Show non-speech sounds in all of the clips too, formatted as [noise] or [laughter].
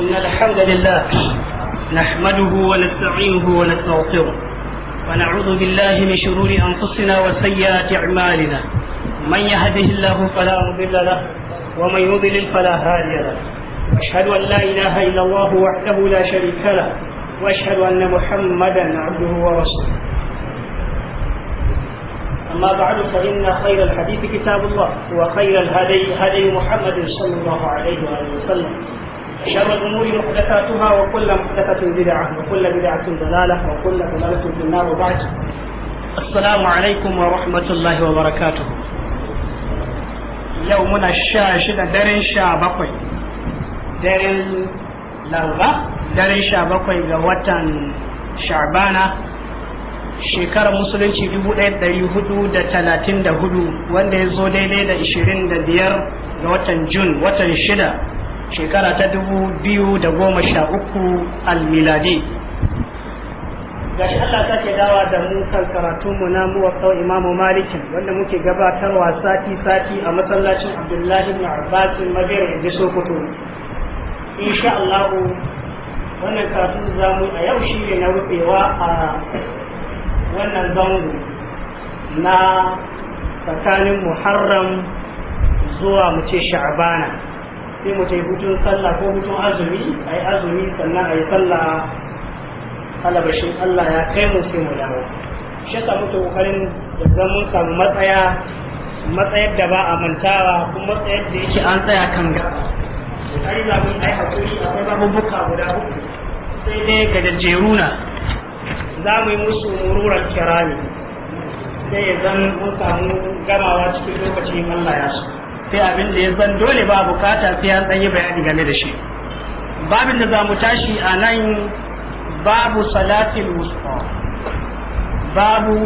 إن الحمد لله نحمده ونستعينه ونستغفره ونعوذ بالله من شرور أنفسنا وسيئات أعمالنا من يهده الله فلا مضل له ومن يضلل فلا هادي له أشهد أن لا إله إلا الله وحده لا شريك له وأشهد أن محمدا عبده ورسوله أما بعد فإن خير الحديث كتاب الله وخير الهدي هدي محمد صلى الله عليه وآله وسلم وشر الأمور محدثاتها وكل محدثة بدعة وكل بدعة ضلالة وكل ضلالة في النار وبعد السلام عليكم ورحمة الله وبركاته يومنا الشاشة درين شابقي درين لغة درين شابقي غوطا شعبانا shekarar musulunci 1434 wanda ya zo daidai da 25 ga watan jun watan shida shekara ta dubu biyu da goma sha uku almiladi gashi Allah sake dawa da mu kan karatu mu na muwaffaq Imam Malik wanda muke gabatarwa sati sati a masallacin Abdullahi ibn Abbas Magere da Sokoto insha Allah wannan karatu za mu a yau shi ne na rufewa a wannan zango na tsakanin Muharram zuwa mu ce Sha'bana sai mu ta yi hutun sallah ko hutun azumi a yi azumi sannan a yi sallah alabashin Allah ya kai mu sai mu dawo shi yasa mutu kokarin da zan mun samu matsaya matsayar da ba a mantawa kuma matsayar da yake an tsaya kan gaba kokari za mu yi ai hakuri akwai babubuka guda uku sai dai ga jajjeruna za mu yi musu mururar kirani sai ya zan mun samu gamawa cikin lokacin Allah ya so sai abin da ya zan dole ba bukata sai an tsaye bayani game da shi babin da za mu tashi a nan babu salatin wusta babu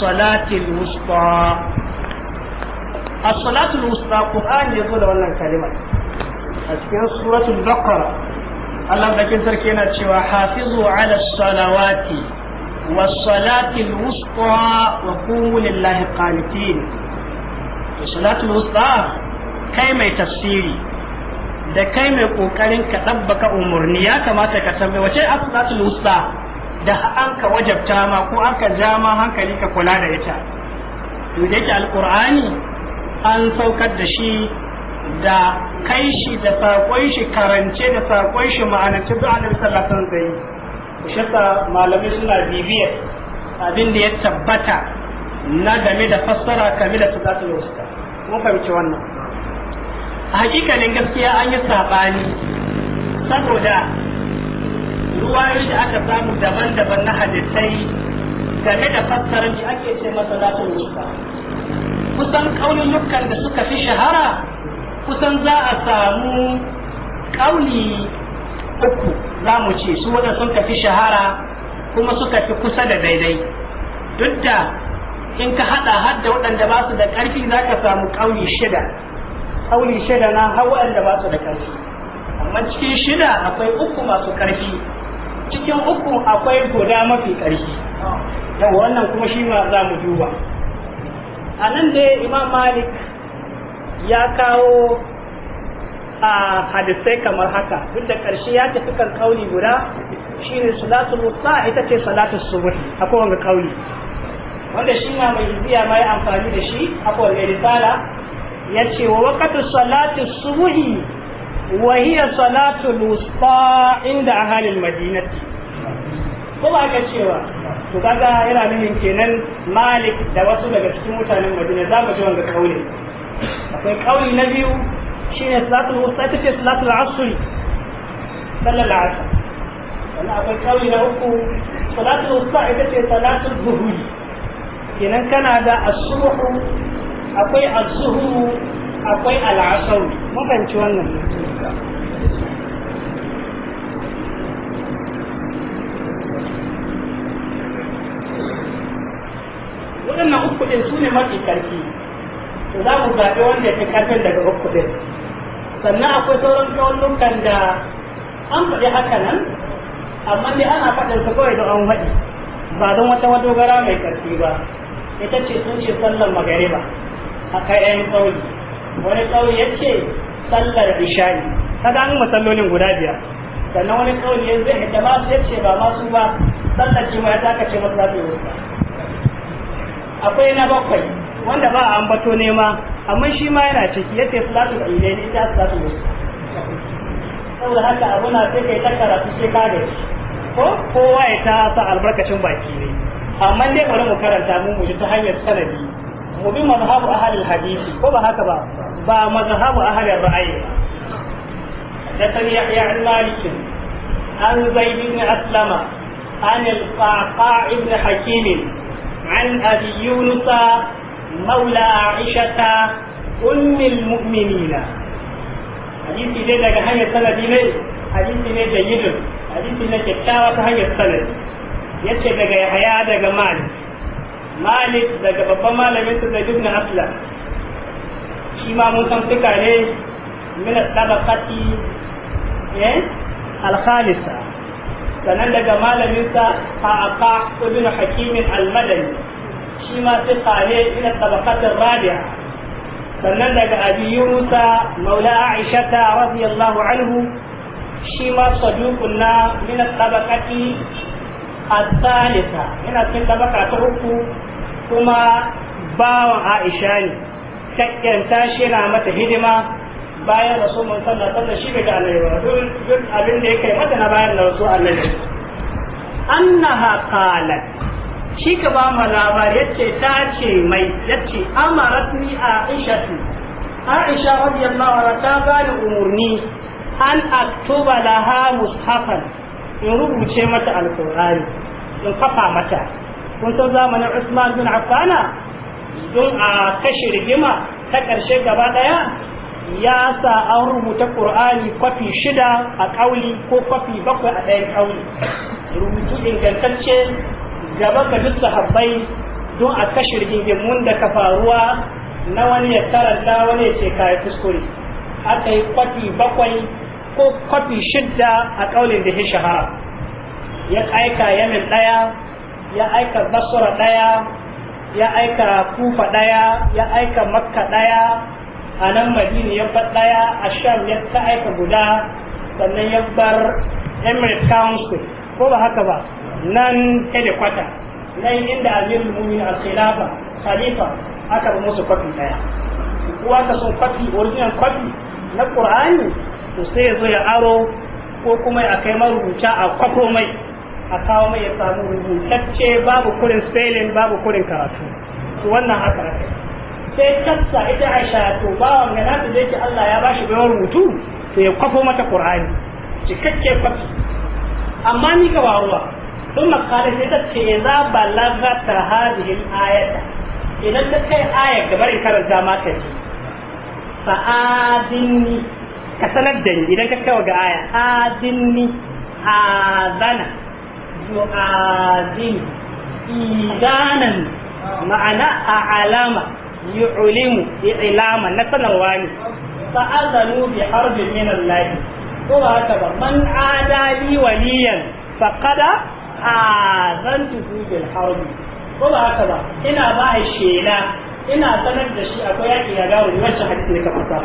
salatin salatil wusta as-salatul wusta qur'ani yazo da wannan kalimar a cikin suratul baqara Allah bakin sarki yana cewa hafizu ala salawati wa salatin wusta wa qumu lillahi qanitin to salatul wusta kai mai tafsiri da kai mai kokarin ka dabbaka umurni ya kamata ka san wace salatul wusta da an ka wajabta ma ko an ka ja ma hankali ka kula da ita to da yake alqur'ani an saukar da shi da kai shi da sakon shi karance da sakon shi ta da annabi sallallahu alaihi wasallam zai shi malamai suna bibiyar abin da ya tabbata na game da fassara kame da wasu wusta mun fahimci wannan a hakikanin gaskiya an yi sabani saboda ruwa da aka samu daban-daban na hadisai game da fassaranci ake ce masa zatul wusta kusan kauluyukan da suka fi shahara kusan za a samu kauli uku za mu ce su wadda sun fi shahara kuma suka fi kusa da daidai duk da in ka hada har da waɗanda ba su da ƙarfi za ka samu ƙauye shida Ƙauye shida na har waɗanda ba su da ƙarfi amma cikin shida akwai uku masu ƙarfi cikin uku akwai guda mafi ƙarfi Yau wannan kuma shi ma za mu duba a nan dai imam malik ya kawo a hadisai kamar haka duk da ƙarshe ya tafi kan ƙauye guda shine salatu musa ita ce salatu subuh akwai wanga ƙauye. wanda shi na mai iziya ma ya amfani da shi akwai mai risala ya ce wa wakatu salatu subuhi wa hiya salatu lusta inda ahalin madinati ko ba ka cewa to kaga yana nufin kenan malik da wasu daga cikin mutanen madina za mu ji wanga kauli akwai kauli na biyu shine salatu wusta ita ce salatul asr sallar asr sannan akwai kauli na uku salatu wusta ita ce salatu zuhuri kenan kana da asuhu akwai asuhu akwai al'asau ci wannan waɗannan uku ɗin su ne mafi ƙarfi to za mu zaɓi wanda ya fi ƙarfin daga uku ɗin sannan akwai sauran tsawon da an faɗi haka nan amma dai ana faɗin su kawai don an faɗi ba don wata madogara mai ƙarfi ba ita ce sun ce sallar magariba a kai ɗayan tsauri wani tsauri ya ce sallar isha'i ga an masallolin guda biyar sannan wani tsauri ya zai hita masu ya ce ba masu ba sallar jima'a ta taka ce masu zafi wasu akwai na bakwai wanda ba a ambato nema amma shi ma yana ciki ya ce ne ta ita salatul wasu saboda haka na sai kai ta karatu sai ka gaji ko kowa ya ta sa albarkacin baki ne amma dai bari mu karanta mu mu ta hanyar sanadi mu bi mazhabu ahlul hadisi ko ba haka ba ba mazhabu ahlul ra'ayi da san yahya al-malik an zaid ibn aslama an al-qaqa ibn hakim an abi yunus مولى عائشة أم المؤمنين حديثي daga hanyar sanadi ne hadisi ne jayyidin hadisi ne kyakkyawa ta hanyar sanadi yace daga yahaya daga malik malik daga babban malamin sa zaid ibn aslam shi ma mun san suka ne min tabaqati eh al-khalisa sanan daga malamin sa qaqa ibn hakim al-madani shi ma suka ne min tabaqati rabi'a sannan daga abi yunusa maula aisha radiyallahu anhu shi ma saduqun na min tabaqati الثالثة هنا تلك ta تركو كما باو عائشة ني تكين تاشينا متى هدما bayan rasu mun sallah sallah shi bai ga annabi ba duk duk abin da yake mata na bayan rasu annabi shi ka ba mu labari yace ta ce mai yace amaratni aisha aisha radiyallahu anha ta bani umurni an aktuba laha mushafan in rubuce mata alkur'ani in kafa mata kun san zamanin Usman bin Affana don a kashe rigima ta ƙarshe gaba ɗaya ya sa an rubuta ƙur'ani kwafi shida a ƙauli ko kwafi bakwai a ɗayan ƙauli rubutu ingantacce gaba ga duk sahabbai don a kashe rigimun da ka faruwa na wani ya tarar da wani ya ce kayi kuskure aka yi kwafi bakwai ko kwafi shidda a ƙaunin da ya shahara ya aika yamin ɗaya ya aika basura ɗaya ya aika kufa ɗaya ya aika makka ɗaya a nan madini ya bar ɗaya a shan ya ta aika guda sannan ya bar emirate council ko ba haka ba nan kwata nan inda amirul mumin al-khilafa khalifa aka ba musu kwafi ɗaya kuwa ka son kwafi original kwafi na ƙur'ani to sai ya zo ya aro ko kuma a kai marubuta a kwafo mai a kawo mai ya samu rubutacce babu kurin spelling babu kurin karatu to wannan haka aka sai tafsa ita aisha to bawan ga nasu da yake Allah ya bashi bayan rubutu to ya kwafo mata qur'ani cikakke kwafi amma ni ga waruwa don makala sai ta ce za balaga ta hadihin ayata idan ta kai ayar gabarin karanta maka ce fa'adini ka sanar da ni idan ka kawo ga aya adinni azana yu'azini idanan ma'ana a alama yu'limu ilama na sanarwa ne fa'azanu bi harbin min Allah ko ba haka ba man adali waliyan faqada azantuhu bil harbi ko ba haka ba ina ba shela ina sanar da shi akwai yaki ya gawo wacce hakki ne ka fasa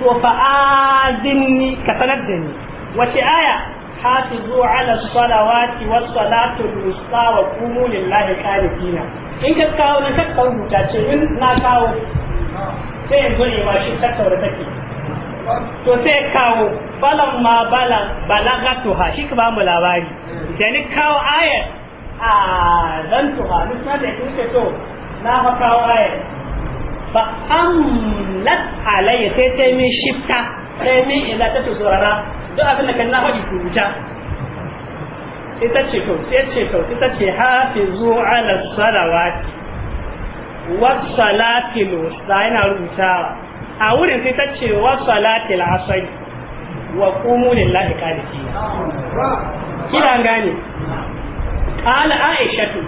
to fa azinni ka sanar da ni wace aya hafizu ala salawati was salatu wusta wa qumu lillahi qanitina in ka kawo na ka rubuta ce in na kawo sai yanzu ne ma shi tattaura take to sai kawo balan ma balan balagatuha shi ka ba mu labari da ni kawo ayar a ah, zan tuha duk na da to na ba kawo ayar fa amlat alayya sai ta min shifta sai min idza ta tusurara duk abin da kan na faɗi ku ita ce to Ita ce to ita ce hafizu ala salawati wa salati lusa yana rubutawa a wurin sai ta ce wa salati al-asr wa qumu lillahi qanitin kina gane qala aishatu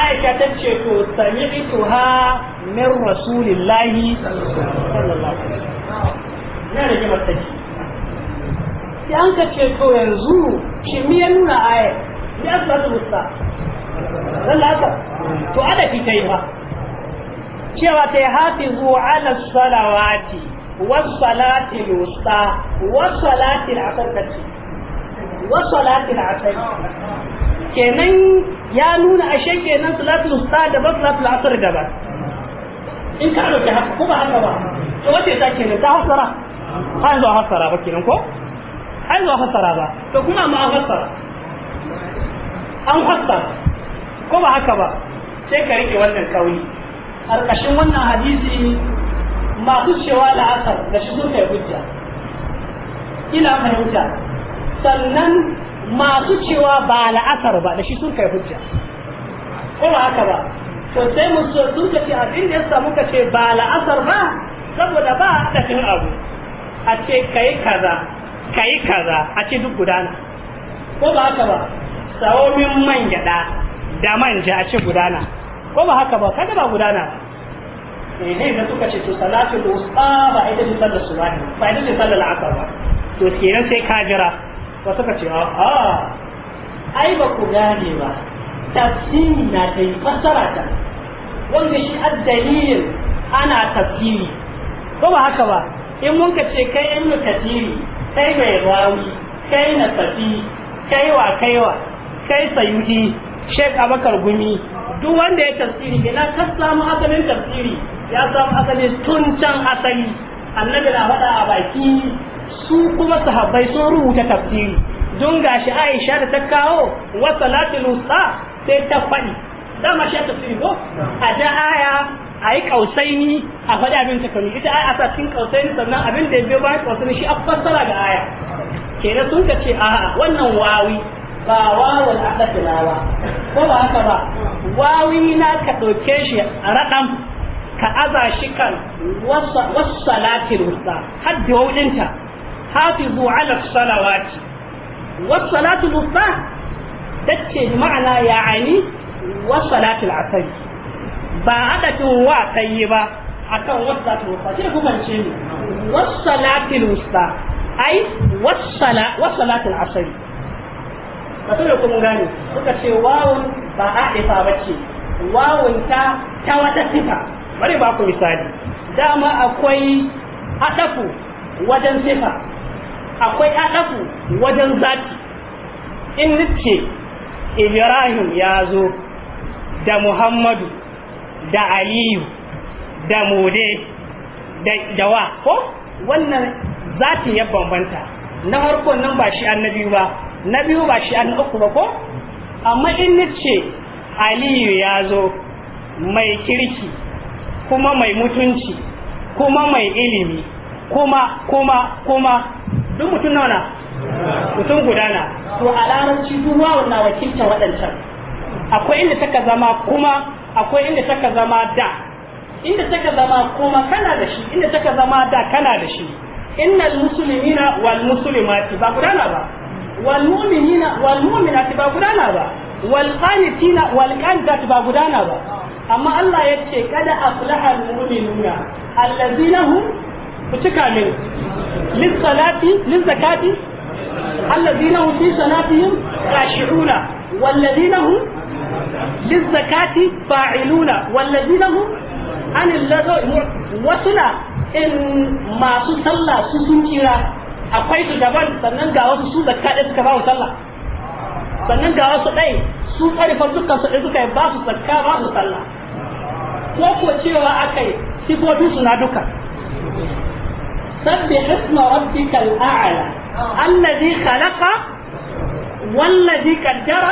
aisha ta ce to sami'tuha min rasulillahi sallallahu alaihi na da jama'a take sai an ka ce to yanzu shi mi ya nuna aya ya asbatu musta lallaka to ada fi tai ba cewa ta hafizu ala salawati was salati al-wusta was salati al-asr was salati al-asr kenan ya nuna ashe kenan salatul usta daban salatul asr daban in ka dauki haka ko ba haka ba to wace ta kenan ta hasara ha yanzu a hasara ba kenan ko ha yanzu a hasara ba to kuma ma an hasara an hasara ko ba haka ba sai ka rike wannan kauli karkashin wannan hadisi masu cewa la'asar da shi sun kai hujja ina fahimta sannan masu cewa ba la'asar ba da shi sun kai hujja ko ba haka ba to sai mu so sun ka ce abin da yasa muka ce ba la'asar ba saboda ba a cikin abu a ce kai kaza kai kaza a ce duk gudana ko ba haka ba sawomin man gyada da manja a ce gudana ko ba haka ba kada ba gudana ba eh da suka ce to da wusta ba ita ce sallar subahi ba ita ce sallar asar ba to kenan sai ka jira ba suka ce a ai ba ku gane ba tafsiri na ta yi fassara ta wanda shi addalilin ana tafsiri ko ba haka ba in mun ka ce kai in tafsiri kai mai rawi kai na tafi kai kaiwa kai sayudi shek abakar gumi duk wanda ya tafsiri ina ka samu asalin tafsiri ya samu asali tun can asali annabi na faɗa a baki su kuma sahabbai sun rubuta tafsiri don gashi Aisha da ta kawo wa salatul wusta sai ta faɗi dama shi tafsiri ko a da aya a yi kausaini a faɗi abin ta kanu ita aya a sa cikin kausaini sannan abin da ya biyo bayan kausaini shi a fassara ga aya kenan sun ka ce a'a wannan wawi ba wawon adadinawa ko ba haka ba wawi na ka ɗauke shi a raɗan ka aza shi kan wasu salatin wusta har da wawinta hafizu ala salawati was salatu wusta tace ma'ana ya ani was salatu al-asr ba adadin wa kai ba akan was salatu wusta sai ku ce ni was salatu wusta ai was sala was salatu al-asr ba kun gane suka ce wawun ba hadifa bace wawun ta ta wata sifa bari ba ku misali dama akwai hadafu wajen sifa akwai adafu wajen zati in nace ibrahim ya zo da muhammadu da aliyu da mode da wa ko wannan zatin ya bambanta na harkon nan ba shi annabi ba na biyu ba shi annabi uku ba ko amma in nace aliyu ya zo mai kirki kuma mai mutunci kuma mai ilimi kuma kuma kuma duk mutum nawa na mutum guda na to a larabci duk wawun wakilta waɗancan akwai inda taka zama kuma akwai inda taka zama da inda taka zama kuma kana da shi inda taka zama da kana da shi innal muslimina wal muslimati ba gudana ba wal mu'minina wal mu'minati ba gudana ba wal qanitina wal qanitati ba gudana ba amma Allah ya ce kada aflaha al mu'minuna allazina hum ku cika min للصلاة للزكاة الذين هم في صلاتهم خاشعون والذين هم للزكاة فاعلون والذين هم عن اللغو وسنا إن ما صلى سسنجرا akwai su daban sannan ga wasu su zakka da suka ba sallah sannan ga wasu ɗai su ƙarfin dukkan su suka yi ba su zakka ba su sallah ko ko cewa akai sifofin su na duka سبح اسم ربك الأعلى الذي خلق والذي قدر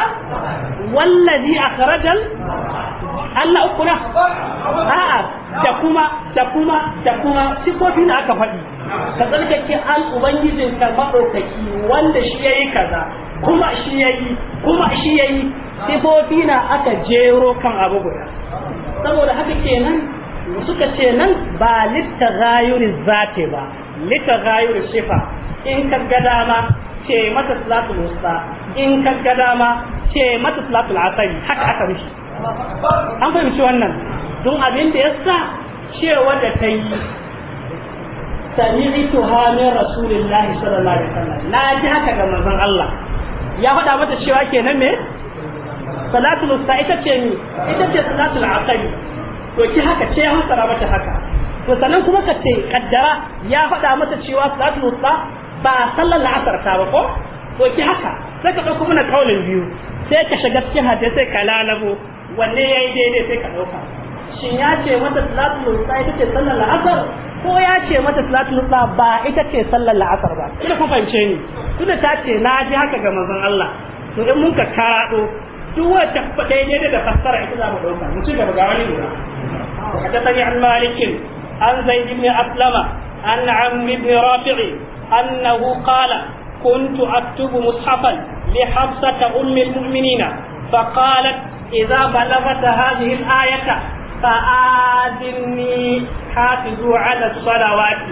والذي أخرج Allah uku na? A'a, da kuma, da kuma, da kuma, sifofi aka faɗi. Ka Ubangijin ka maɗaukaki wanda shi ya yi kaza, kuma shi ya yi, kuma shi aka jero kan abu guda. Saboda haka kenan, suka ce nan ba litta zayuri zate ba, lita ghayur shifa in ka ga ce mata salatul in ka ga ce mata salatul haka aka mishi an fahimci wannan don abin da yasa cewa da ta yi sami'tuha min rasulillahi sallallahu alaihi wasallam na ji haka ga manzon Allah ya faɗa mata cewa kenan me salatul ita ce ni ita to ki haka ce ya fassara mata haka to sannan kuma ka ce kaddara ya faɗa mata cewa salatul wusta ba sallar la'asar ta ba ko to ki haka sai ka ɗauko mana kaulin biyu sai ka shiga cikin hadisi sai ka lalabo wanne yayi daidai sai ka ɗauka shin ya ce mata salatul wusta ita ce sallar la'asar ko ya ce mata salatul wusta ba ita ce sallar la'asar ba kina ku fahimce ni tunda ta ce na ji haka ga manzon Allah to in mun ka karado duk wata daidai da fassara ita za mu ɗauka mu ci gaba ga wani lura وحدثني عن مالك عن زيد بن أسلم عن عم بن رافع أنه قال كنت أكتب مصحفا لحفصة أم المؤمنين فقالت إذا بلغت هذه الآية فآذني حافظوا على الصلوات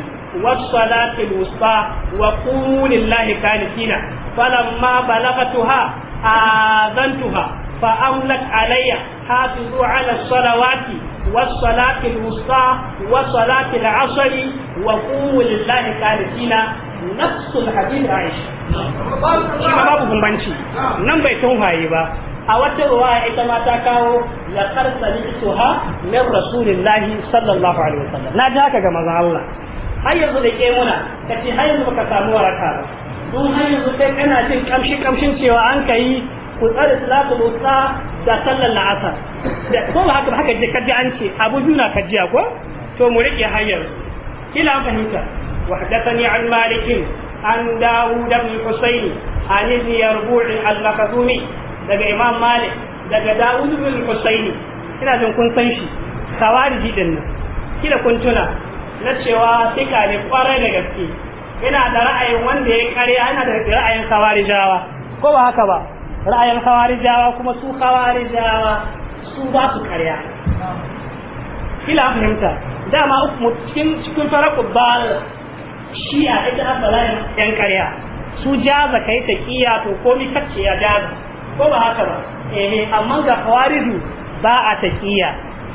والصلاة الوسطى وقوموا لله كانسين فلما بلغتها آذنتها فأملت علي حافظوا على الصلوات والصلاة الوسطى وصلاة العصر وقوموا لله قانتين نفس الحديث عائشة shi ma babu bambanci nan bai tunhaye ba a wata ruwaya ita ma ta kawo la qarsani tuha min rasulillahi sallallahu alaihi wasallam na ji haka ga Allah har yanzu da ke muna kace har yanzu baka samu waraka ba kamshin cewa an kai ku tsare salatul wusta da sallar la'asar da ko ba haka ba haka je kaji an ce abu juna na kajiya ko to mu rike hanyar kila an fahimta wa hadathani an malikin an dawud ibn husayn an ibn yarbu'i al-makhzumi daga imam malik daga dawud ibn husayn ina jin kun san shi khawariji din nan kila kun tuna na cewa sika ne kwarai da gaske ina da ra'ayin wanda ya kare ana da ra'ayin khawarijawa ko ba haka ba ra'ayin khawarijawa kuma su khawarijawa su ba su karya ila fahimta dama uku cikin cikin faraku ba a ita abala yan karya su jaza kai ta kiya to komi kacce ya jaza ko ba haka ba eh amma ga khawaridu ba a ta kiya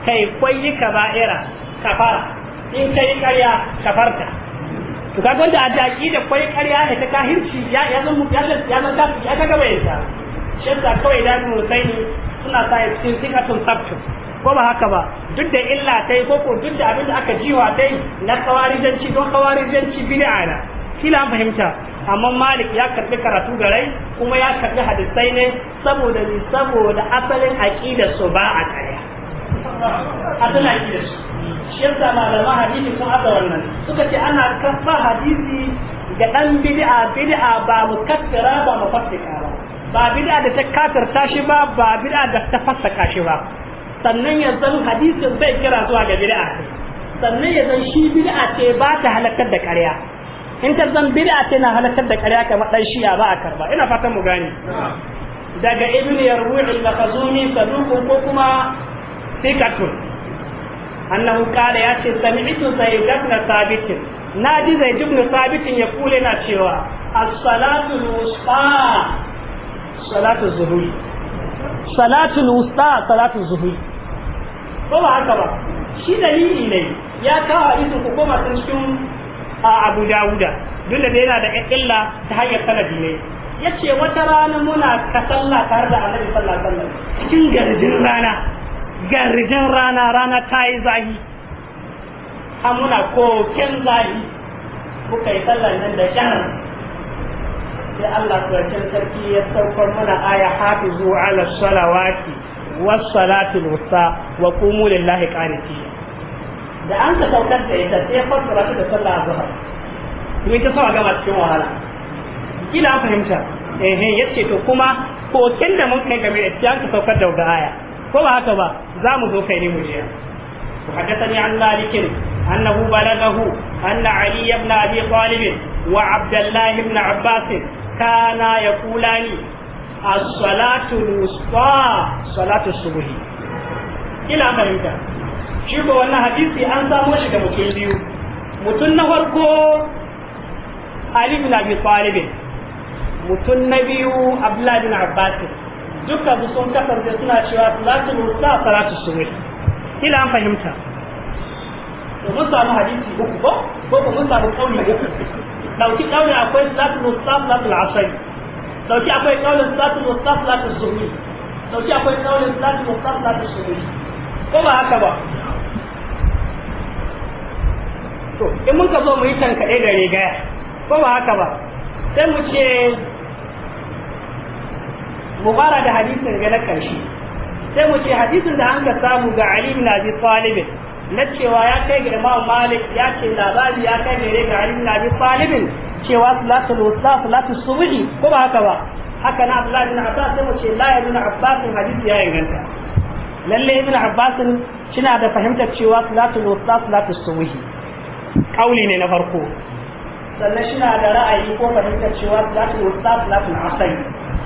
kai kwayi kaba'ira kafara in kai karya kafarta to kaga a daki da kwai karya da ta kahirci ya ya zan ya zan ya zan ya ta gaba ya shirka kawai idanun husaini suna sa ya cikin sikatun sabtu ko ba haka ba duk da illa ta yi koko duk da abin da aka jiwa ta yi na kawarijanci don kawarijanci bid'a na kila fahimta amma malik ya karbi karatu da rai kuma ya karbi hadisai ne saboda ni saboda asalin aqidar su ba a kaya asalin aqidar su shi malama hadisi sun haɗa wannan suka ce ana kafa hadisi ga dan bid'a bid'a ba mukaffira ba mufassika ba bid'a da ta kafirta shi ba ba bid'a da ta fassaka shi ba sannan ya zan hadisin bai kira zuwa ga bid'a sannan ya zan shi bid'a ce ba ta halakar da ƙarya in ta zan bid'a ce na halakar da ƙarya kamar dan shiya ba a karba ina fatan mu gane daga ibn yarwi' al-makhzumi saduqun ko kuma sikatun annahu qala ya ce sami'tu zaid ibn thabit na ji zaid ibn thabit ya kula na cewa as-salatu salatu zuhuri salatu wusta salatu zuhuri ko ba haka ba shi dalili ne ya kawo hadisin ku koma sun cikin Abu Dawuda duk da yana da illa ta hanyar sanadi ne yace wata rana muna ka sallah tare da Annabi sallallahu alaihi wasallam cikin garjin rana garjin rana rana ta yi zahi a muna koken zahi kuka yi sallar nan da shan sai Allah ɗaukin sarki ya saukar mana aya hafi hafizu ala salawati was salatul wusta wa qumu lillahi qanitin da an ka saukar da ita sai fassara ta da sallah zuhur kuma ita sawa gama cikin wahala kila an fahimta eh eh yace to kuma kokin da mun kai game da ita an ka saukar da wata aya ko ba haka ba za mu zo kai ne mu je حدثني an مالك أنه بلغه أن علي بن أبي طالب وعبد الله بن عباس كانا يقولان الصلاة الوسطى صلاة الصبح إلى فهمت شوف وانا حديثي أنت موشك مكيبيو متن فرقو علي بن أبي طالب متن نبيو عبد الله بن عباس duka su sun kasance suna cewa salatul wusta salatul subh ila an fahimta mun samu hadisi uku ko ko ko mun samu kauli uku dauki kauli akwai salatul mustaf salatul asr dauki akwai kaulin salatul mustaf salatul zuhri dauki akwai kaulin salatul mustaf salatul zuhri ko ba haka ba to in mun ka zo mu yi tankaɗe da rigaya ko ba haka ba sai mu ce mu fara da hadisin ga na ƙarshe sai mu ce hadisin da an ka samu ga Ali bin Abi Talib na cewa ya kai ga Imam Malik ya ce labari ya kai gare ga Ali ibn Abi Talib cewa salatul wusta salatul subhi ko ba haka ba haka na Abdullah ibn Abbas sai mu ce la ya ibn Abbas hadisi ya inganta lalle ibn Abbas kina da fahimtar cewa salatul wusta salatul subhi kauli ne na farko sannan shi na da ra'ayi ko fahimtar cewa salatul wusta salatul asr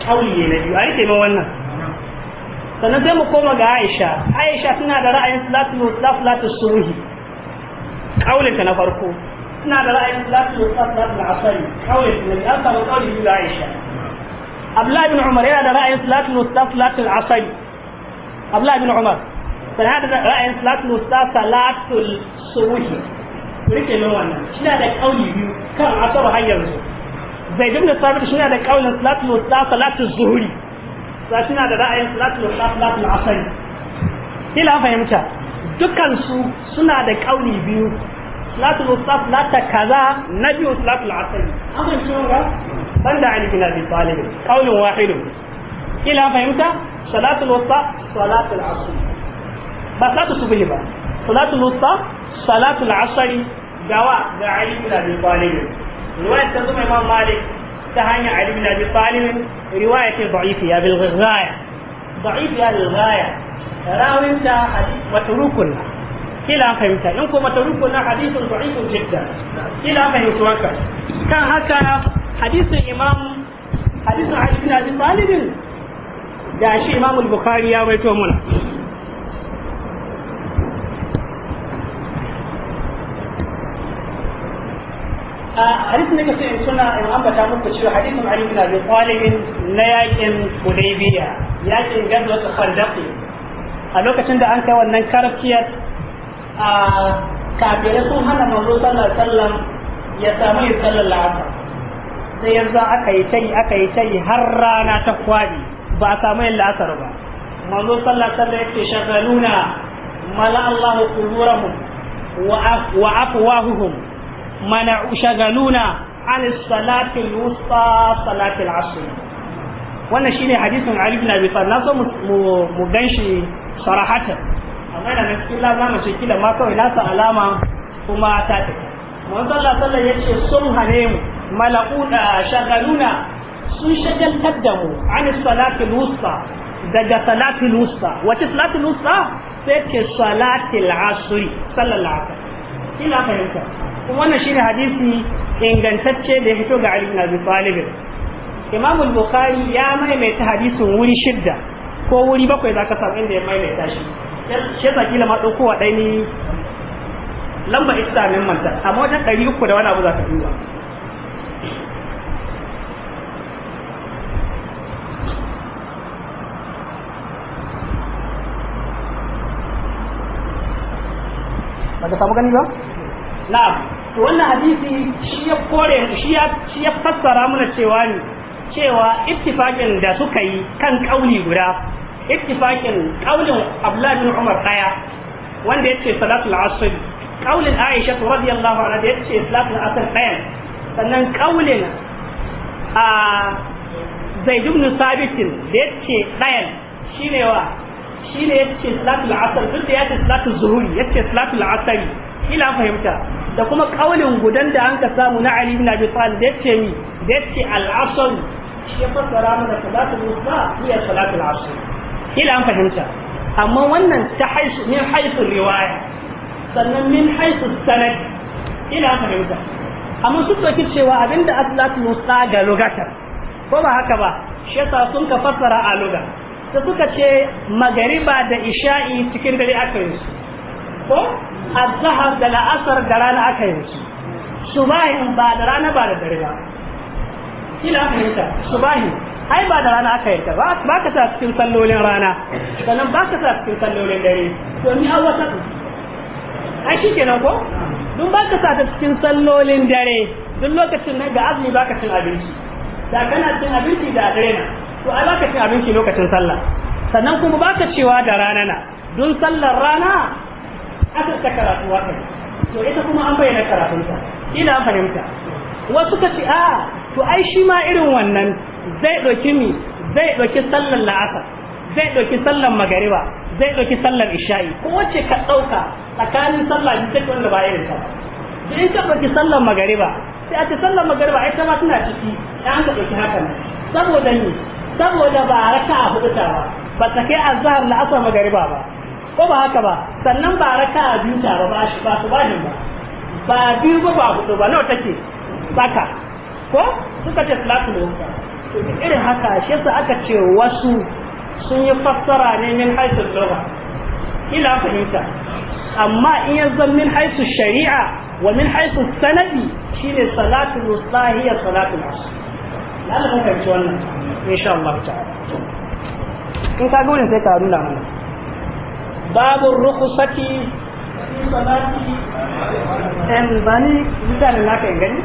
kauli ne na biyu ai kenan wannan sannan sai mu koma ga Aisha Aisha tana da ra'ayin salatu salatu salatul subuhi kaulin ta na farko tana da ra'ayin salatu salatul salatul asri kaulin ta ya samu kaulin da Aisha Abdullah ibn Umar yana da ra'ayin salatu salatu salatul asari Abdullah ibn Umar sai hada da ra'ayin salatu salatu salatul subuhi rike min wannan shi da kauli biyu kan asar har yanzu Zaid ibn Sabit shi da kaulin salatu salatul zuhuri za suna da ra'ayin salatul salatul asari ila fahimta dukkan su suna da kauli biyu salatul salata kaza na biyu salatul asr amma cewa ga banda ali bin abi talib kaulin wahid ila fahimta salatul wusta salatul asari ba salatu subhi ba salatul wusta salatul asari dawa ga ali bin abi talib riwayat ta zuma imam malik ta hanyar Ali bin Abi riwaya ce kila fahimta in ko matrukun na hadithun da'ifun jidda kila fahimta wanka kan haka imam hadisin Ali bin Abi da shi Imam al-Bukhari ya baito muna hadisin da kace in suna in ambata muku cewa hadisin Ali bin Abi Talib na yakin Hudaybiya yakin Gazwat Khandaq a lokacin da an kai wannan karfiyar a kafirai sun hana manzo sallallahu alaihi wasallam ya samu ya sallallahu sai yanzu aka yi tayi aka yi tayi har rana ta kwabi ba a samu yin la'asar ba manzo sallallahu alaihi wasallam yake shagaluna mala Allahu quburahum wa afwahuhum من أشغلونا عن الصلاة الوسطى صلاة العصر وانا شيني حديث من علي بن أبي طالب ناسو مبنشي صراحة أما أنا نسكي الله بلا مشكي لما كوي ناسا ألاما وما أتاتي وانا صلى الله عليه وسلم صلح نيم ملعونا آه، شغلونا شجل تدمو عن الصلاة الوسطى دجا صلاة الوسطى واتي صلاة الوسطى سيكي صلاة العصر صلى الله عليه وسلم kuma wannan shine hadisi ingantacce da ya fito ga Ali ibn Abi Talib Imam al-Bukhari ya maimaita hadisin wuri shidda ko wuri bakwai zaka samu inda ya maimaita shi shi yasa la ma dauko wa dai ni lamba min manta amma wajen ɗari uku da wani abu zaka duba Baka samu gani ba? Na'am. wannan hadisi shi ya kore shi ya shi ya fassara mana cewa ne cewa ittifaqin da suka yi kan kauli guda ittifaqin kaulin Abdullah bin Umar daya wanda yace salatul asr kaulin Aisha radiyallahu anha da yace salatul asr daya sannan kaulin a Zaid ibn Sabit da yace dayan shine wa shine yace salatul asr duk da yace salatul zuhuri yace salatul asr ila fahimta da kuma kaulin gudan da an ka samu na Ali ibn Abi Talib da yace ni da yace al-asr shi ya fassara mana salatul wusta hiya salatul asr kila an fahimta amma wannan ta haisu min haisu riwaya sannan min haisu sanad kila an fahimta amma su ɗauki cewa abinda asalatul wusta ga lugata, ko ba haka ba shi yasa sun ka fassara a lugar da suka ce magariba da isha'i cikin dare aka yi ko azhar da la'asar da rana aka yi su subahin ba da rana ba da dare ba ila aka yi ta subahin ai ba da rana aka yi ta ba ka sa cikin sallolin rana sannan ba ka sa cikin sallolin dare to ni an wasa ai shi kenan ko dun ba ka sa ta cikin sallolin dare duk lokacin na ga azumi ba ka cin abinci da kana cin abinci da dare na to ai ba ka cin abinci lokacin sallah sannan kuma ba ka cewa da rana na dun sallar rana asirta karatu haka to ita kuma an bayyana karatunta ina fahimta wasu ka ce a to ai shi ma irin wannan zai ɗauki mi zai ɗauki sallar la'asar zai ɗauki sallar magariba zai ɗauki sallar isha'i ko wacce ka ɗauka tsakanin sallah biyu take wanda ba irin ta ba in ka ɗauki sallar magariba sai a ce sallar magariba ai ta ma suna ciki an ka ɗauki haka nan saboda ni saboda ba a raka a hudu ta ba ba ta kai azhar la'asar magariba ba ko ba haka ba sannan ba raka biyu tare ba shi ba su bashin ba ba biyu ba ba hudu ba nawa take saka ko suka ce salatu da irin haka shi yasa aka ce wasu sun yi fassara ne min haisu lugha ila fahimta amma in ya zan min haisu shari'a wa min haisu sanadi shine salatu mustahiya salatu asr na da fahimci wannan insha Allah ta'ala in ka gurin sai ka nuna mana babu rukhsati fi salati an bani bisa da naka gani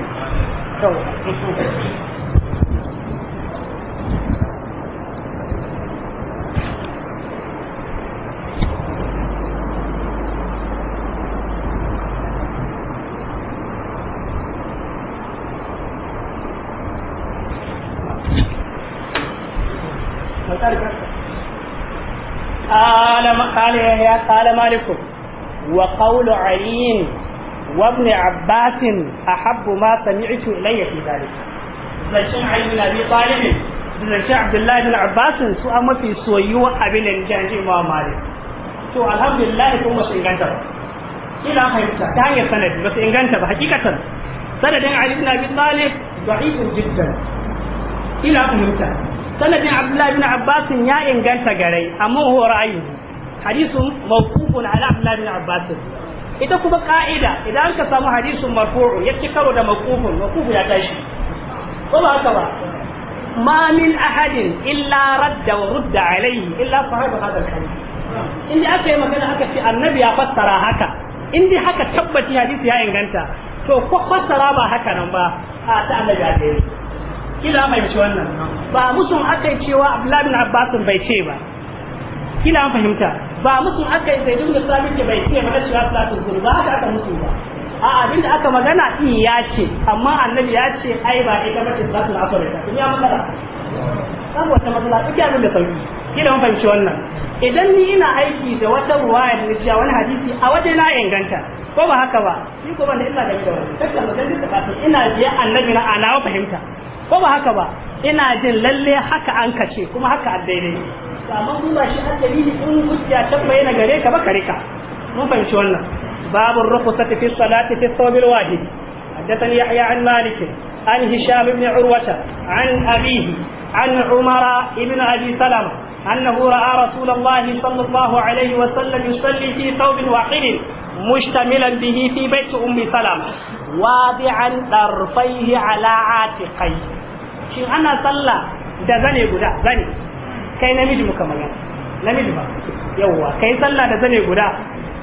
هكذا قال مالك وقول علي وابن عباس أحب ما سمعت إلي في ذلك zancen Ali bin da zancen Abdullahi an mafi soyuwa abin da nake ji kun ba inganta ba kila fahimta ta hanyar sanadi ba su inganta ba hakikatan sanadin Ali bin Abi Talib da'ifun jiddan kila fahimta sanadin Abdullahi bin Abbas ya inganta garai amma hadisun mawqufun ala Abdullah bin Abbas ita kuma ka'ida idan ka samu hadisun marfu'u ya ci karo da mawqufun mawqufu ya tashi ko ba haka ba ma min ahadin illa radda wa rudda alayhi illa sahibu hada al-hadith inda aka yi magana haka ce annabi ya fassara haka inda haka tabbaci hadisi ya inganta to ko fassara ba haka nan ba a ta annabi ya yi kila mai ci wannan ba musun aka yi cewa Abdullahi bin Abbas bai ce ba kila an fahimta ba mutum aka yi sai dun ke bai ce mana cewa salatul zuhur ba haka aka mutum ba a abin da aka magana in ya ce amma annabi ya ce ai ba ita bace salatul aka ba kun ya magana babu wata matsala duk ya da sauki kila mun fahimci wannan idan ni ina aiki da wata ruwaya da cewa wani hadisi a waje na inganta ko ba haka ba ni ko ban da illa da wani? wannan kaka magana da kafin ina biya annabi na alawa fahimta ko ba haka ba ina jin lalle haka an kace kuma haka a daidai amma mun ba shi hankali ne in gudiya can bai gare ka ba kare ka mun fahimci wannan babun rukusa fi salati fi sawbil wahid haddathani yahya an malik an hisham ibn urwata an abihi an umara ibn abi salama أنه رأى رسول الله صلى الله عليه وسلم يصلي في ثوب واحد مشتملا به في بيت أم سلمة واضعا طرفيه على عاتقيه. شو أنا صلى ده زني بدا زني kai namiji muka magana namiji ba yawwa kai sallah da zane guda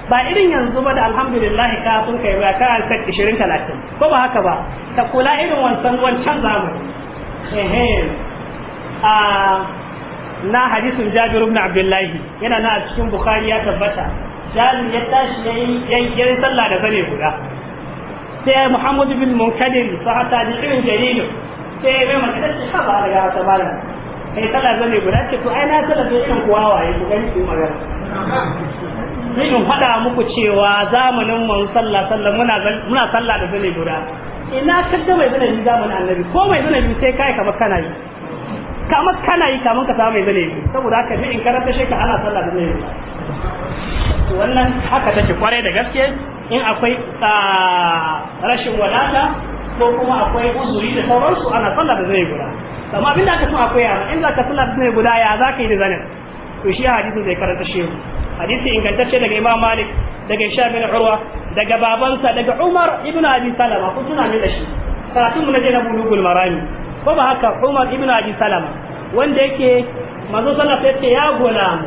ba irin yanzu ba da alhamdulillah ka sun kai ba ka set 20 30 ko ba haka ba ta kula irin wancan wancan zamani eh a na hadisin Jabir ibn Abdullah yana na cikin Bukhari ya tabbata Jabir ya tashi yayin yayin sallah da zane guda sai Muhammad bin Munkadir sahata da irin jaridu sai mai magana shi ba da ya ta kai sallah zane guda ce to ai na sallah zai kan kuwa waye ku gani ku magana sai in fada muku cewa zamanin mun sallah sallah muna muna sallah da zane guda ina kadda mai zane bi zamanin annabi ko mai zane bi sai kai kamar kana yi kamar kana yi kamar ka samu mai zane bi saboda haka ne in karanta shi ka ana sallah da zane wannan haka take kwarai da gaske in akwai rashin wadata ko kuma akwai uzuri da sauransu ana sallah da zane guda amma da aka so akwai koya in za ka sallah sunna guda ya za ka yi da zanin to shi hadisin zai karanta shi shehu hadisi ingantacce daga imam malik daga isha bin urwa daga babansa daga umar ibn abi salama kun tuna min da shi karatun mu na je na bulugul marami ko ba haka umar ibn abi salama wanda yake manzo sallallahu alaihi wasallam ya gulamu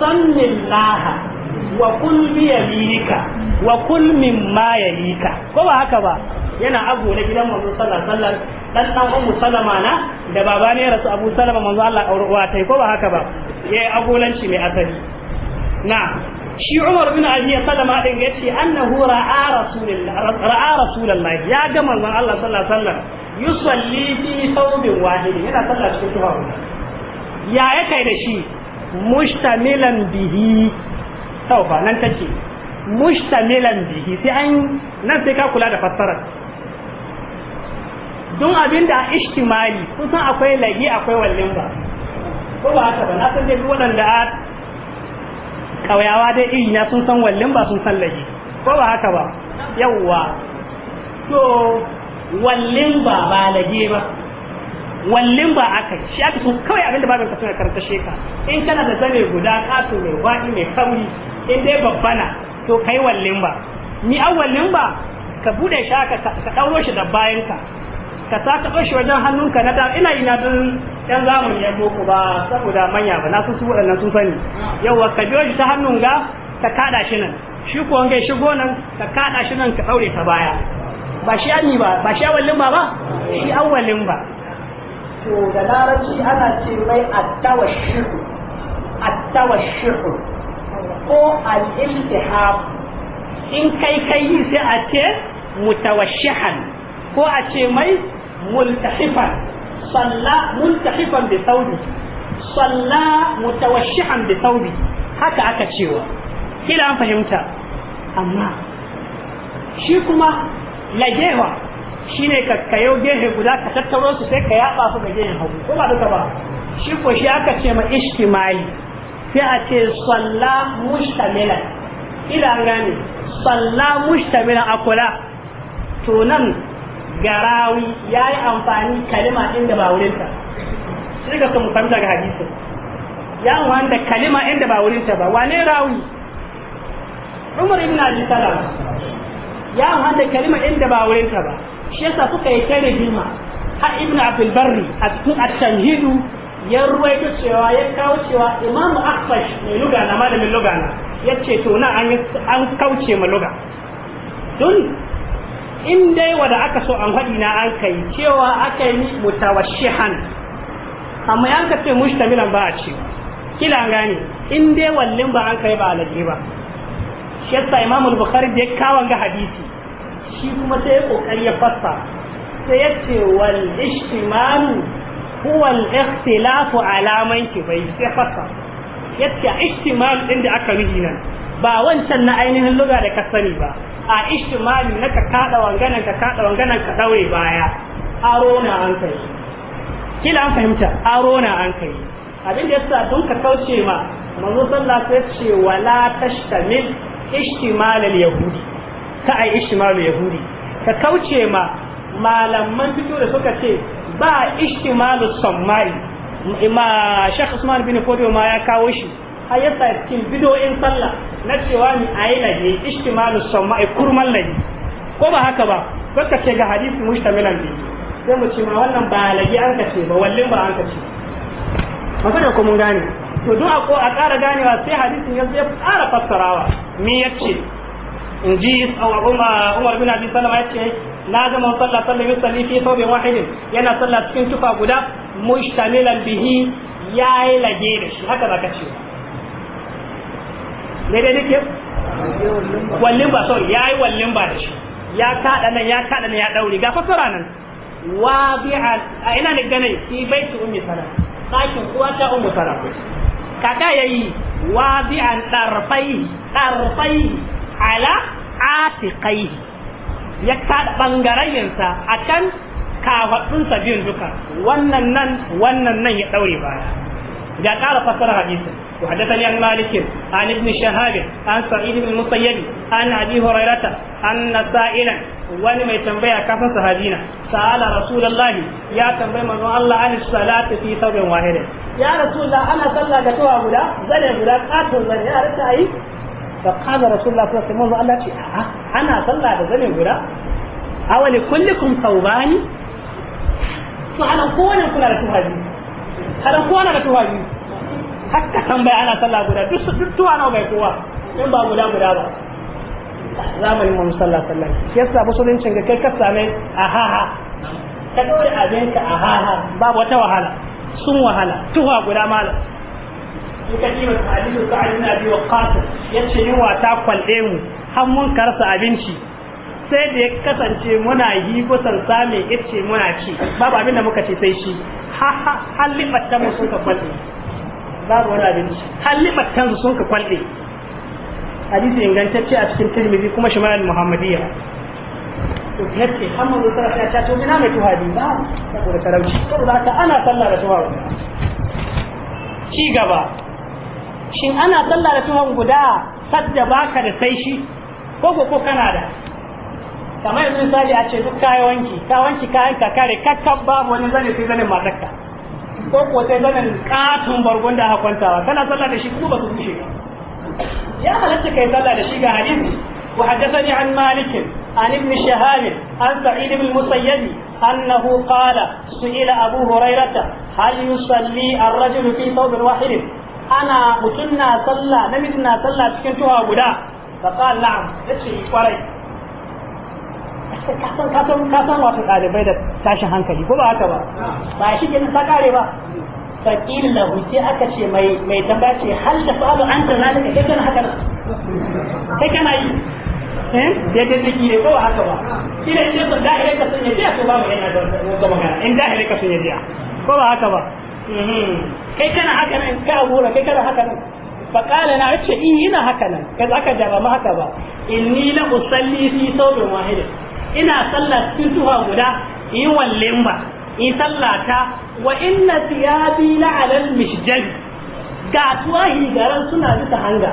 sannillaha wa kul bi yaminika wa kul mimma yalika ko ba haka ba yana abu na gidan manzo sallallahu alaihi wasallam dan dan ummu salama na da baba ne rasu abu salama manzo Allah aure uwa tai ko ba haka ba yayi agolanci mai asali na shi Umar bin Abi Salama din yace annahu ra'a rasulullah ra'a rasulullah ya ga manzo Allah sallallahu alaihi wasallam yusalli fi thawbin wahid yana sallah cikin tuhawu ya yake da shi mustamilan bihi tauba nan take mushtamilan bihi sai an nan sai ka kula da fassara don abin da ishtimali kusan akwai lahi akwai wallin ba ko ba haka ba na san dai waɗanda a ƙauyawa dai iri na sun san wallin ba sun san lahi ko ba haka ba yawwa to wallin ba ba lahi ba wallin ba aka shi aka sun kawai abin da babin ka suna karanta sheka in kana da zane guda kato mai wa'i mai kauri in dai babba na to kai wallin ba ni awwalin ba ka bude shi ka ka dauro shi da bayan ka ka sa ka shi wajen hannunka na da ina ina dun dan zamun ya boko ba saboda manya ba na su su wadannan sun sani yawa ka biyo shi ta hannun ga ka kada shi nan shi ko wanga shigo nan ka kada shi nan ka daure ta baya ba shi anni ba ba shi awwalin ba ba shi awwalin ba to da larabci ana ce mai attawashihu attawashihu ko al-iltihab in kai kai sai a ce mutawashshihan ko a ce mai multahifan salla multahifan bi saudi salla mutawashshihan bi saudi haka aka cewa kila an fahimta amma shi kuma lajewa shine ka kayo gehe guda ka tattaro su sai ka yaba su ga gehen hagu ko ba duka ba shi ko shi aka ce ma ishtimali sai a ce salla mushtamila ila gane salla mushtamila a kula to nan garawi ya yi amfani kalima inda ba wurinta sai ka mu fahimta ga hadisin ya wanda kalima inda ba wurinta ba wane rawi umar ibn abi salam ya wanda kalima inda ba wurinta ba shi yasa suka yi tare hima har ibn abdul barri a cikin at-tamhidu ya ruwaito cewa ya kawo cewa imamu akfash mai lugana malamin lugana ya ce to na an kauce ma luga don in dai wada aka so an haɗi na an kai cewa aka yi mutawashihan amma ya ka ce mushtamilan ba a ce kila an gane in dai wallin ba an kai ba alaji ba shi yasa imamu bukhari da ya kawo ga hadisi shi kuma sai ya kokari ya fassa sai ya ce wal ishtimalu huwa al-ikhtilafu ala man kibai sai fasa yace ihtimal din da aka nuhi nan ba wancan na ainihin luga da ka sani ba a ihtimali na ka kada wanganan ka kada wanganan baya aro na an kai kila an fahimta aro na an kai yasa dun ka kauce ma ce wala yahudi ka yahudi ka kauce ma malaman fito da suka ce ba ishtimalu sammari ma shekh Usman bin Fodio ma ya kawo shi har ya sa cikin bidoyin sallah na cewa ni ayi lahi ishtimalu sammari kurman lahi ko ba haka ba baka ce ga hadisi mushtamilan bi sai mu ce ma wannan ba lahi an ka ce ba wallin ba an ka ce magana ko mun gane to duk ko a ƙara ganewa sai hadisin yanzu ya fara fassarawa me yace in ji Umar bin Abi Salama yace na ga man sallah sallah yusalli fi thawbin wahidin yana sallah cikin tufa guda mushtamilan bihi yayi da shi haka zaka ce ne dai nake wallin ba yayi wallin ba da shi ya kada nan ya kada nan ya ga fasara nan wabi'a a ina ne gane fi baiti ummi sana sakin ta sana kaka yayi wabi'an darfai ala atiqaihi ya kada a kan kafaɗinsa biyun duka wannan nan wannan nan ya ɗaure baya ya ƙara fasara hadisin وحدثني عن مالك عن ابن شهاب عن سعيد بن المسيب عن ابي هريره ان سائلا wani mai tambaya kafin Habina, sa'ala Rasulallah ya tambayi manzo Allah an salatu fi thawbin wahid ya da ana sallah da tawa guda zane guda katon zane ya rika yi fa qala rasulullah sallallahu alaihi wasallam Allah ce a ana sallah da zane guda awali kullikum thawbani to ana kowane kula da tuhaji kada kowane da tuhaji hakka tambaya ana sallah guda duk duk tuwa nawa bai kowa in ba guda guda ba zamanin mu sallallahu alaihi wasallam yasa musuluncin ga kai ka same a ha ha ka dole abinka a ha babu wata wahala sun wahala guda in ka kima ta alilu sa'ad ibn abi waqqas yace yunwa ta kwalle mu har karsa abinci sai da ya kasance muna yi kusan same yace muna ci babu abin da muka ce sai shi ha halin batta mu sun ka kwalle babu wani abinci halin battansu sun ka kwalle hadisi ingantacce a cikin tirmidhi kuma shi shimal muhammadiyya to yace amma musa ta ta to ina mai tuhadi ba saboda talauci saboda ana sallah da tuhawa ci gaba shin ana sallah da tuhon guda sadda baka da sai shi ko ko kana da kamar yanzu misali a ce duk kayan wanki ka wanki kayan ka kare kakkan babu wani zane sai zanen matarka ko ko sai zanen katon bargon da aka kwantawa kana sallah da shi ko ba su kushe ka ya halatta kai sallah da shi ga hadisi wa haddathani an malik an ibn shahab an sa'id ibn musayyib annahu qala su'ila abu hurairah hal yusalli ar-rajulu fi thawb wahid ana mutum na sallah namiji na sallah cikin tuwa guda fa ya ce yi kwarai kasan kasan kasan wato da tashin hankali ko ba haka ba ba shi ke nisa kare ba faƙil da hutu aka ce mai mai ce hal da fa'alu an ta zalika kai kana haka kai kana yi ya eh? ta ziki ne ko haka ba ina ce sun da ka sun yaji ko ba mu yana da wata magana in da ka sun yaji ko ba haka ba Eh, kai kana haka nan ka abura kai kana haka nan faƙala na ce in eh, ina haka nan ka za ka jaba haka ba inni la usalli fi sawbin wahidin ina sallah cikin tuha guda yi wallen ba in sallata wa inna thiyabi la ala al-mishjal ga tuwahi garan suna bisa hanga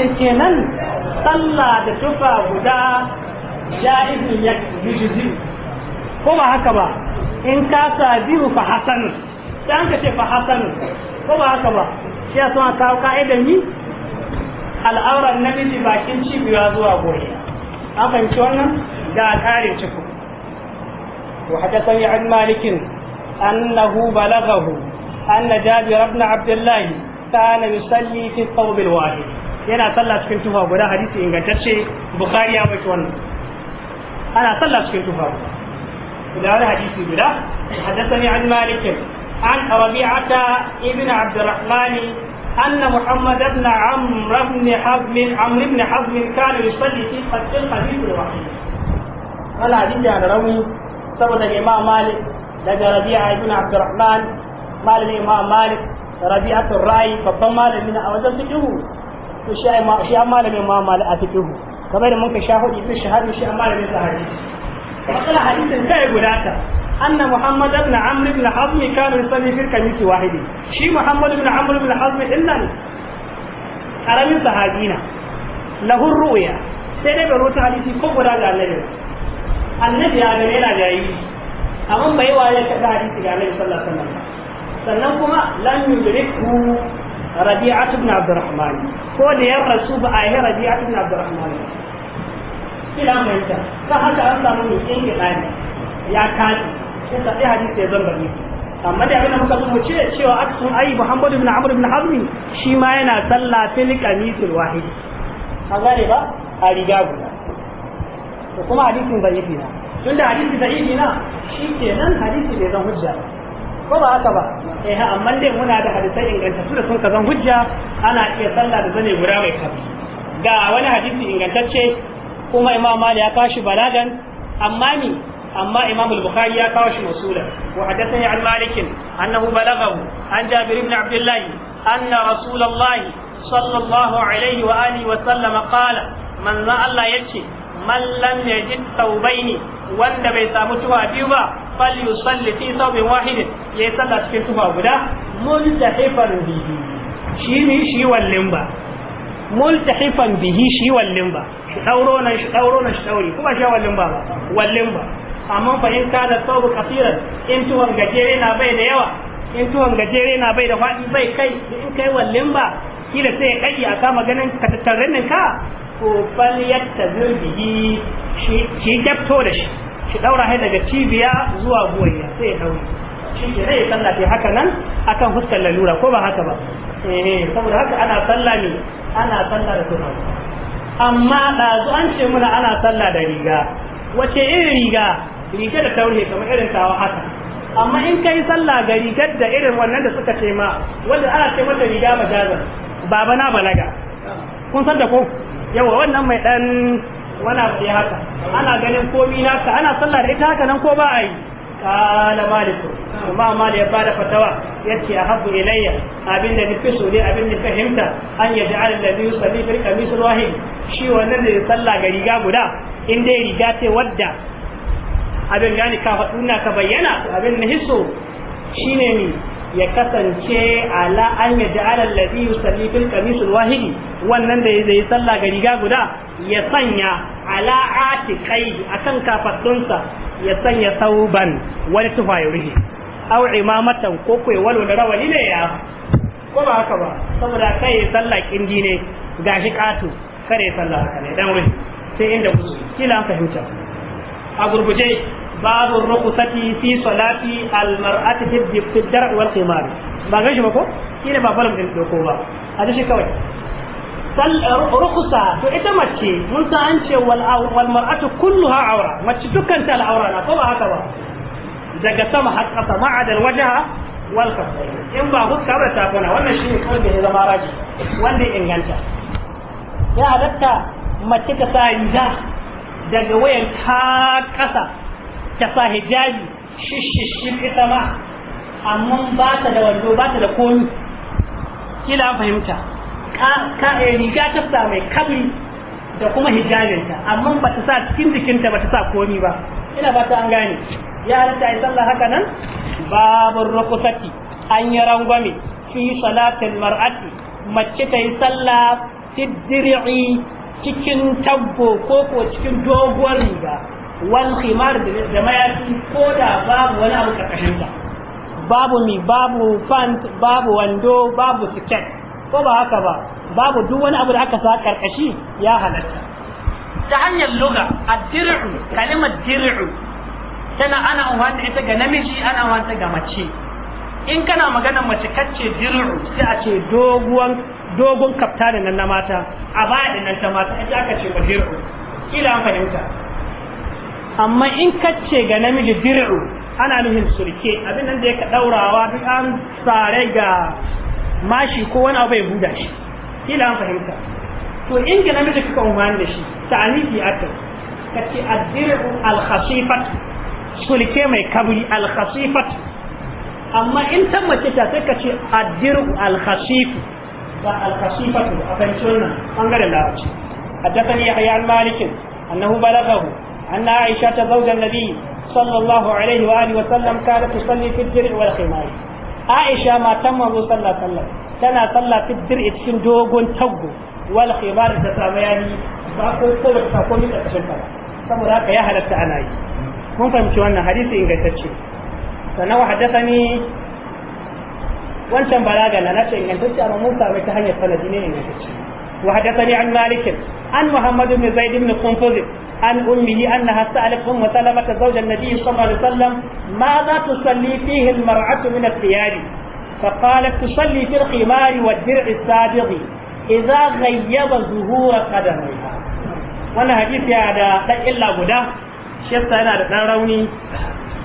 ce kenan sallah da tufa guda ja'izun ya yujzi ko ba haka ba in ka sa biyu fa hasan dan ka ce fa hasan ko ba haka ba shi ya son kawo ka'idar ni al'auran namiji bakin cibiya zuwa goyi akan ci wannan da kare cikin وحدثني عن مالك أنه بلغه أن جابر بن عبد الله كان يصلي في الثوب الواحد yana sallah cikin tufa guda hadisi ingantacce bukhari ya baki wannan ana sallah cikin tufa guda wani hadisi guda haddathani an malik an rabi'ata ibn abd الرحمن أن ibn بن عمرو بن حزم عمرو بن حزم كان يصلي في قتل الحديث الوحيد قال حديث rawi saboda imam malik مالك rabi'a ربيعة بن عبد الرحمن مال الإمام مالك rabi'atul ra'i babban malami na a wajen fiqhu to shi ai shi amma malamin ma mal a fiqhu kamar da mun ka sha hudu fi shahadu shi amma malamin sa hadisi matsala hadisin kai guda ta anna muhammad ibn amr ibn hazm kana yusalli fi kamisi wahidi shi muhammad ibn amr ibn hazm illan karamin sahabina lahu ru'ya sai dai rubuta hadisi ko guda ga annabi annabi ya ga yana amma bai ka hadisi ga annabi sallallahu alaihi wasallam sannan kuma lam yudrikhu rabi'atu ibn abdurrahman ko da ya rasu ba a yi rabi'atu ibn abdurrahman ila mai ta ta haka an samu mai yin gidani ya kaji sai sai hadisi ya zamba ne amma da abin da muka zo ce cewa a aksun ayi muhammad ibn amr ibn hazmi shi ma yana sallah fil qamisul wahid an gane ba a riga guda to kuma hadisin bai yi na tunda hadisi bai yi na shi kenan hadisi bai zan hujja ba ko ba haka ba eh amma dai muna da hadisai ingantattu da sun ka hujja ana iya sallah da zane guda mai kafi ga wani hadisi ingantacce kuma imam mali ya kashi balagan amma ni amma imam al-bukhari ya kawo shi musula wa hadathani an malik annahu balaghahu an jabir ibn abdullah anna rasulullah sallallahu alaihi wa alihi wa sallam qala man za Allah yace man lam yajid tawbaini wanda bai samu tuwa biyu ba falyusalli fi thawbin wahidin yi sallah cikin tufa guda multahifan bihi shi ne shi wallin ba multahifan bihi shi wallin ba shi dauro nan shi dauro nan shi dauri kuma shi wallin ba wallin ba amma fa in kana thawbu kafiran in tuwan gajere na bai da yawa in tuwan gajere na bai da fadi bai kai in kai wallin ba kila sai kai aka maganin ganin ka tattarren ka ko fal yattazil bihi shi shi kyafto da shi shi daura hai daga cibiya zuwa buwayya sai ya daure shi ke rai sallah ta haka nan akan fuskar lalura ko ba haka ba eh saboda haka ana sallah ne ana sallah da tufa amma ɗazu an ce muna ana sallah da riga wace irin riga riga da tauri kamar irin tawa haka amma in kai sallah ga rigar da irin wannan da suka ce ma wanda ana ce mata riga majazan baba na balaga kun san da ko yawa wannan mai dan Wana abu haka ana ganin komi naka ana sallah da ita haka nan ko ba a yi kala maliku kuma mali ya bada fatawa yace a habu ilayya abin da nufi so ne abin da fahimta an yaji alin da biyu sabi fil kamis rahim shi wannan da sallah ga riga guda in dai riga ce wadda abin gani ka faɗuna ka bayyana abin na hisso shine ni ya kasance ala an ya ja'ala alladhi yusalli fil kamisul wahidi wannan da zai sallah ga riga guda ya sanya ala atiqai akan kafaddunsa ya sanya sauban wani tufa ya rufe aw imamatan ko kai walo da rawani ne ya ko ba haka ba saboda kai sallah kindi ne gashi katu kare sallah haka ne dan wuri sai inda kila an fahimta a gurguje بعض الرخصة في صلاة المرأة في الدرع والقمار ما غيش بكو كينا بابا لم يكوبا هذا شيء كوي رخصة فإذا ما تشي منت أنت والمرأة كلها عورة ما تشي أنت العورة لا طبعا هكذا إذا قسم har ƙasa ma'adal الوجه wal إن بأخذ كبرة ba وانا شيء wannan shi ne kawai da ya zama raji wanda ya inganta ya halatta mace ta sa daga wayan ta ƙasa ta sa hijabi shishishin ita ma amma ba ta da wando ba ta da komi kila fahimta ka eh, riga ta sa mai kabri da kuma hijabinta amma ba ta sa cikin jikinta ba ta sa komi ba ina ba ta an gane ya halitta a yi sallah haka nan babun rukusati an yi rangwame fi salatin mar'ati mace ta yi sallah fi cikin tabbo ko ko cikin doguwar riga wal khimar da mayafi ko da babu wani abu karkashin babu mi babu pant babu wando babu siket ko ba haka ba babu duk wani abu da aka sa karkashi ya halatta ta hanyar lugha ad-dir'u kalimar dir'u tana ana wanda ita ga namiji ana wanda ga mace in kana magana mace kacce dir'u sai a ce doguwan dogon kafta da nan na mata a ba da nan ta mata ita aka ce wa dir'u kila an fahimta amma in kace ga namiji dir'u ana nufin sulke abin nan da yake daurawa duk an sare ga mashi ko wani abu ya buda shi kila an fahimta to in ga namiji kuka umarni da shi ta ta'anifi atta kace ad-dir'u al-khasifat sulke mai kabri al-khasifat amma in ta mace ta sai kace ad-dir'u al-khasif ba al-khasifatu a kan fahimci wannan bangaren larabci حدثني يحيى عن مالك انه بلغه أن عائشة زوج النبي صلى الله عليه وآله وسلم كانت تصلي في الدرع والخمار عائشة ما تم صلى الله عليه وسلم كان صلى في الدرع تشن دوغون تبو والخمار تسامياني باقول صلح تقومي لتشن كلا سمرا كيا هلت عناي من فهمت أن حديث إن قلت فنو حدثني wancan balaga na nace ingantacce amma mun samu ta hanyar sanadi ne ingantacce wa hadathani an malik عن محمد بن زيد بن قنفذ عن أمه أنها سألت أم سلمة زوج النبي صلى الله عليه وسلم ماذا تصلي فيه المرأة من الثياب فقالت تصلي في الخمار والدرع السابغ إذا غيب ظهور قدميها wannan hadisi ya da dan illa guda shi yasa yana da dan rauni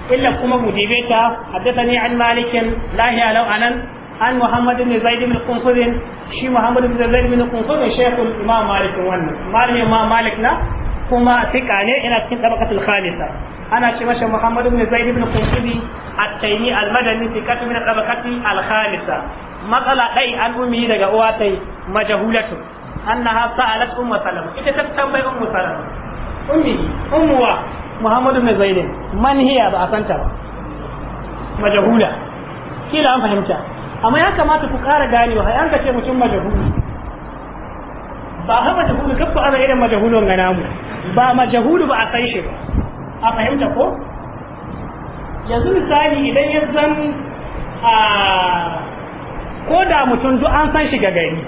illa kuma mudibe ta haddathani an malikin lahiya law anan an muhammad ibn zaid ibn qunfudin shi muhammad ibn zaid ibn qunfudin shaykhul imam malik wannan malami imam malik na kuma fika ne ina cikin tabaqatul khalisa ana ce masa muhammad ibn zaid ibn qunfudi at-taymi al-madani fika min tabaqati al khalisa matsala dai an ummi daga uwa tai majhulatu annaha sa'alat ummu salama ita ta tambayi ummu salama ummi ummuwa muhammad ibn zaid man hiya ba a santa ba majhula kila an fahimta amma ya kamata ku ƙara ganewa har an ka ce mutum majahulu ba ha majahuli kafa ana irin majahulun ga namu ba majahulu ba a san shi ba a fahimta ko yanzu misali idan ya zan a ko da mutum duk an san shi ga gari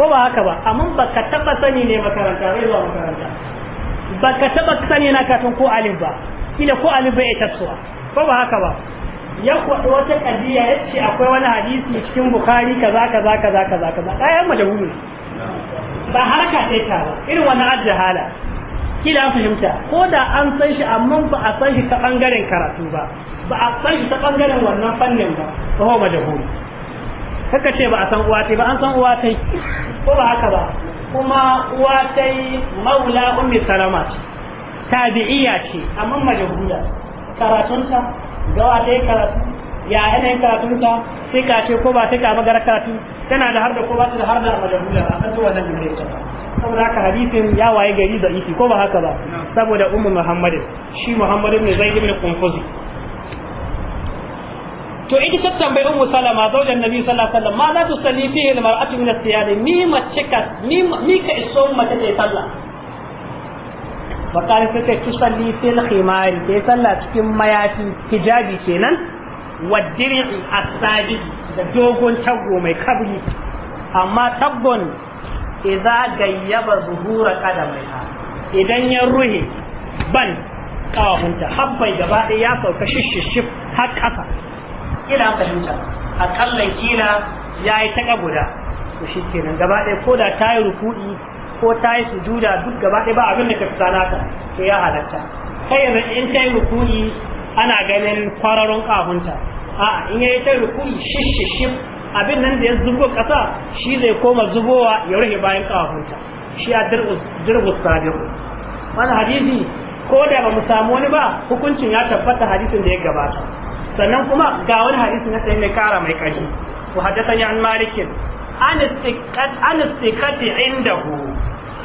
ko ba haka ba amma ba ka taɓa sani ne makaranta zai zuwa makaranta ba ka taɓa sani na kafin ko alif ba ila ko alif bai ita tasowa ko ba haka ba ya kwaɗi wata ƙadiyya ya ce akwai wani hadisi cikin bukari ka za ka kaza ka ɗayan majahulu ba haraka ɗaya ta ba irin wani ajihala kila an fahimta ko da an san shi amma ba a san shi ta ɓangaren karatu ba ba a san shi ta ɓangaren wannan fannin ba ta hau majahulu kaka ce ba a san uwatai ba an san uwatai ko ba haka ba kuma uwatai maula ummi salama ce tabi'iyya ce amma majahula karatunta gawa ta yi karatu ya yanayin karatunta sai ka ce ko ba sai ka magara karatu tana da har da ko ba ta da har da majalula a kan wannan gare ta saboda haka hadisin ya waye gari da iki ko ba haka ba saboda ummu muhammadin shi muhammadin ne zai ibn kunfuzi to ita ta tambayi ummu salama zaujan nabi sallallahu alaihi wasallam ma la tusalli fihi almar'atu min as-siyad mi mace ka ni ka iso mace ta sallah bakari kake salli fil khimari ke sallah cikin mayafi hijabi kenan waddiri asadi da dogon taggo mai kabri amma tabbon idza gayyaba zuhura qadamaiha idan ya ruhe ban kawahunta habbai gaba ɗaya ya sauka shishishif har ƙasa ina fahimta aƙalla kila ya yi ta guda to shi kenan gaba ɗaya ko da ta yi rukuɗi ko ta yi sujuda duk gaba ɗaya ba abin da ka fita naka to ya halatta kai yanzu in ta yi rukuni ana ganin kwararon kahunta a'a in ya yi ta rukuni shishishin abin nan da ya zubo ƙasa shi zai koma zubowa ya rufe bayan kahunta shi ya dirgus Sabiru. wani hadisi ko da ba mu samu wani ba hukuncin ya tabbata hadisin da ya gabata sannan kuma ga wani hadisi na sai mai kara mai kaji وحدثني عن مالك an istiqati indahu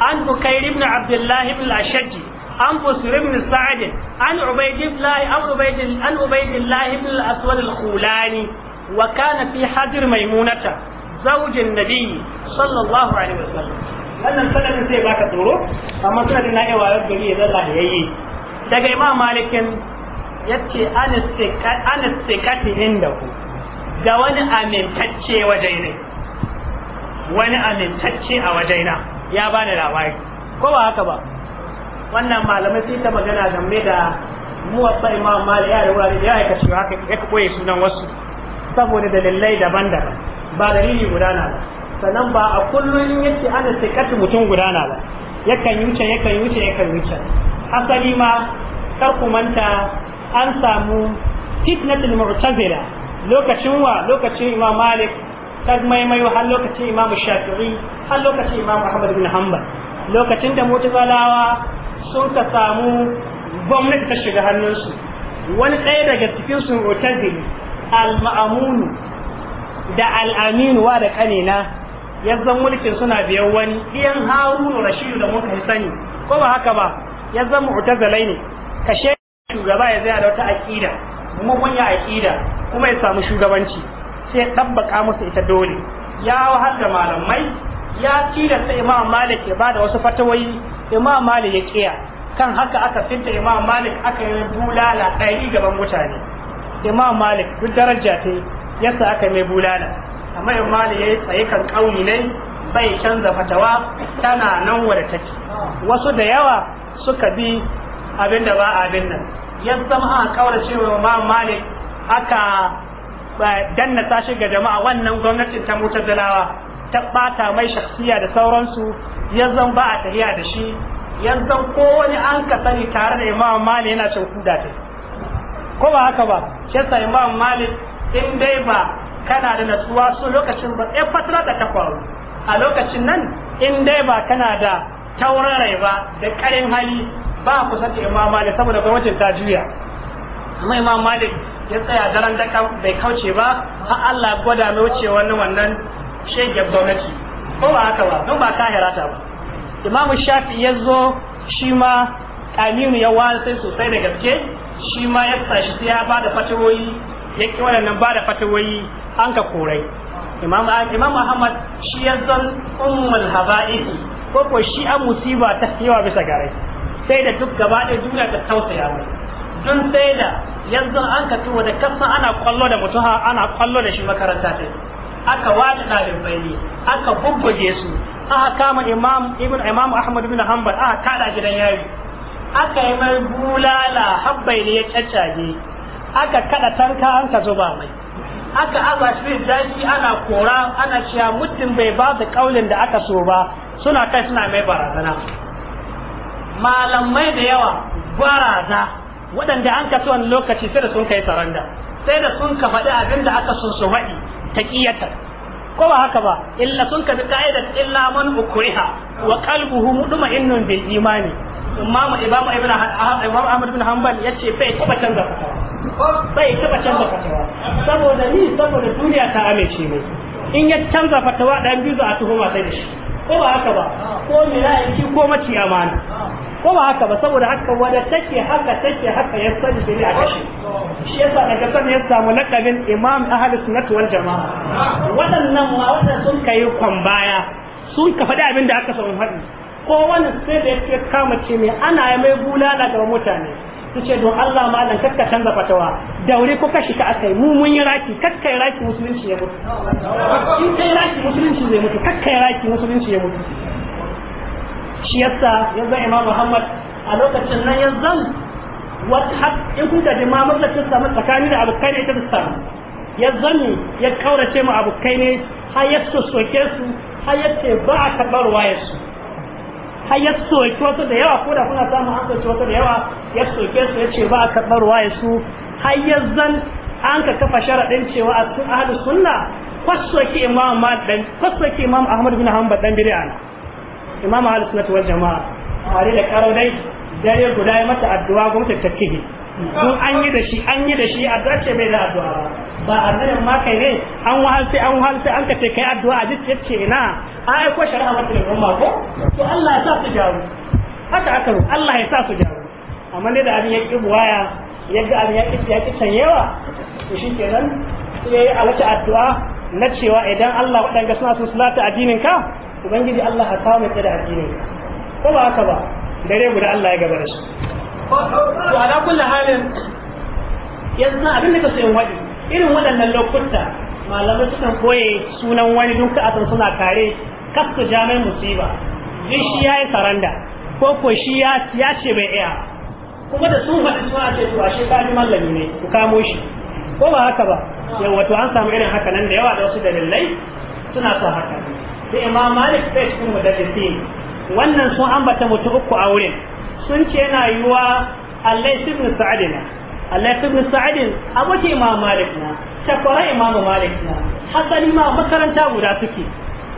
an bukair ibn abdullah ibn ashji an busr ibn sa'd an ubaydillah an ubaydil an ubaydillah ibn al-aswad al-khulani wa kana fi hadir maimunata zawj an-nabi sallallahu alaihi wasallam wannan sanadin sai baka tsoro amma sanadin na iya wayar gari ya zalla yayi daga imam malikin yace an istiqati indahu ga wani amintacce wajen ne wani amintacce a wajena ya bani labari ko ba haka ba wannan malamai sai ta magana game da muwabba imam malik ya da ya aika shi haka ya ka koyi sunan wasu saboda dalilai daban-daban ba dalili gudana ba sannan ba a kullum yace ana sikatu mutum gudana ba yakan yuce yakan yuce yakan yuce asali ma kar ku manta an samu fitnatul mu'tazila lokacin wa lokacin imam malik ta maimayo har lokacin imam shafi'i har lokacin imam ahmad bin hanbal lokacin da mutazalawa sun ka samu gwamnati ta shiga hannunsu wani ɗaya daga cikin sun otazili al-ma'amunu da al-aminu wa da kanina zan mulkin suna biyan wani ɗiyan harunu rashidu da muka sani ko ba haka ba yanzan mu'tazalai ne kashe shugaba ya zai da wata aƙida kuma ya aƙida kuma ya samu shugabanci sai ɗabbaka musu ita dole ya wahal da malamai ya tilasta imam malik ya bada wasu fatawoyi imam malik ya kiya kan haka aka fita imam malik aka yi bulala ɗari gaban mutane imam malik duk daraja ta yasa aka mai bulala amma imam malik ya yi tsaye kan ƙauni ne bai canza fatawa tana nan wadda take wasu da yawa suka bi abin da ba abin nan ya zama a kaura cewa imam malik aka danna ta ga jama'a wannan gwamnatin ta mutazalawa ta bata mai shakhsiya da sauransu yanzan ba a tahiya da shi yanzan ko wani an ka sani tare da imam malik yana cin kuda ta ko ba haka ba shi imam malik in dai ba kana da natsuwa su lokacin ba ɗaya eh, fatara da ta faru a lokacin nan in dai ba kana da taurin rai ba da karin hali ba kusa da imam malik saboda gwamnatin ta juya amma imam malik ya tsaya daren daka bai kauce ba har Allah gwada mai wuce wannan wannan shege gwamnati ko ba haka ba don ba kahira ta ba imamu shafi ya zo shi ma aminu ya sai sosai da gaske shi ma ya tsashi sai ya bada da fatawoyi ya ki waɗannan ba da an ka korai imam imam ahmad shi ya zan ummul haba'i ko ko shi an musiba ta yawa bisa garai sai da duk gaba ɗaya duniya ta tausaya mai don sai da yanzu an ka tuwa da kasa ana kwallo da mutuha ana kwallo da shi makaranta ta aka wada ɗalibai ne aka bubbuge su aka kama imam ibn imam ahmad ibn hanbal aka kada gidan yari aka yi mai bulala habbai ne ya caccage aka kada tanka an ka zuba mai aka aza shi daji ana kora ana cewa mutum bai ba da kaulin da aka so ba suna kai suna mai barazana malamai da yawa baraza waɗanda an kasu wani lokaci sai da sun kai saranda sai da sun ka faɗi abin da aka sun su faɗi ta ƙiyatar ko ba haka ba illa sun ka bi ka'idar illa man ukriha wa qalbuhu mutma'innun bil imani imamu imamu ibn imamu ahmad bin hanbal yace bai taba canza fatawa bai taba canza fatawa saboda ni saboda duniya ta amince ne in ya canza fatawa dan biyu a tuhuma sai da shi ko ba haka ba ko mira yake ko maci amana ko ba haka ba saboda haka wadda take haka take haka ya sani bai a kashe shi yasa daga sani ya samu lakabin imam ahli sunnati wal jama'a waɗannan ma waɗanda sun kai kwan baya sun ka faɗi abin da aka samu faɗi ko wani sai da ya kama ce mai ana mai bulala ga mutane su ce don Allah malam kakka canza fatawa daure ko kashi ka akai mu mun yi raki kakka yi raki musulunci ya mutu in kai raki musulunci zai mutu kakka yi raki musulunci ya mutu shi yasa yanzu imam muhammad a lokacin nan yanzu wata har in kuka ji ma mallacin samu tsakani da abokai ne ita da samu ya zanni ya kaurace mu abokai ne har ya soke su har ya ce ba a karɓar wayar su har ya soke wasu da yawa ko da kuna samun an soke wasu da yawa ya soke su ya ce ba a karɓar wayar su har ya zan an ka kafa sharaɗin cewa a cikin ahadu sunna kwasoki imam ahmad bin hanbal dan bid'a imama ahlus sunnati wal jama'a tare da karo dai dare guda ya mata addu'a gwamnati ta kihi don an yi da shi an yi da shi addu'a ce bai da addu'a ba annabi ma kai ne an wahal an wahal sai an kace kai addu'a a jikin ce ina ai ko shari'a wata ne umma ko to Allah ya sa su jaru haka aka ru Allah ya sa su jaru amma ne da abin ya ki buwaya yadda abin ya ki ya ki sanyewa to shikenan sai ya yi alata addu'a na cewa idan Allah wadanda suna so su addinin ka ubangiji Allah ka kawo mai da addinin ko ba haka ba dare guda Allah ya gaba da shi to ala kullu halin yanzu Na abin da kasu yin wadi irin waɗannan lokuta malamai sukan koye sunan wani duk a san suna tare. kasu jami'in musiba duk shi ya yi saranda ko ko shi ya ce bai iya kuma da sun faɗi suna ce to ashe ka ji mallami ne ku kamo shi ko ba haka ba yawa to an samu irin haka nan da yawa da wasu dalilai suna son haka sai imam malik sai cikin mudaddisin wannan sun ambata mutu uku a wurin sun ce yana yiwa allai ibn sa'adin allai ibn sa'adin abokin imam malik na shakwara imam malik na hasali ma makaranta guda suke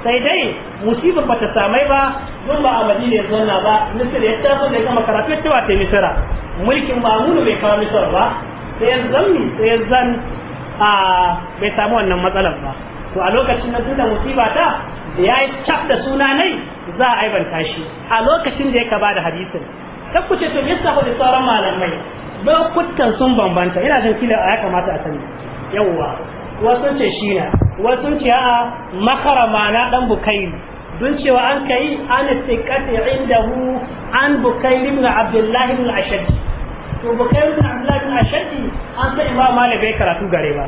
sai dai musibar ba ta samai ba don ba a madina ya zanna ba misir ya taso da gama karatu ya cewa ta misira mulkin mamunu bai kawo misir ba sai ya zanni sai ya zan a bai samu wannan matsalar ba to a lokacin na duna musiba ta ya yi cap da suna nai za a aibanta shi a lokacin da ya ka da hadisin ta kuce to yasa hudu sauran malamai lokutan sun bambanta yana jin kila ya kamata a sani yawwa wasu ce shi na wasu ce a makara mana dan bukaili don cewa an kai an inda indahu an bukaili ibn abdullahi ibn ashaddi to bukaili ibn abdullahi ibn ashaddi an san imam malik bai karatu gare ba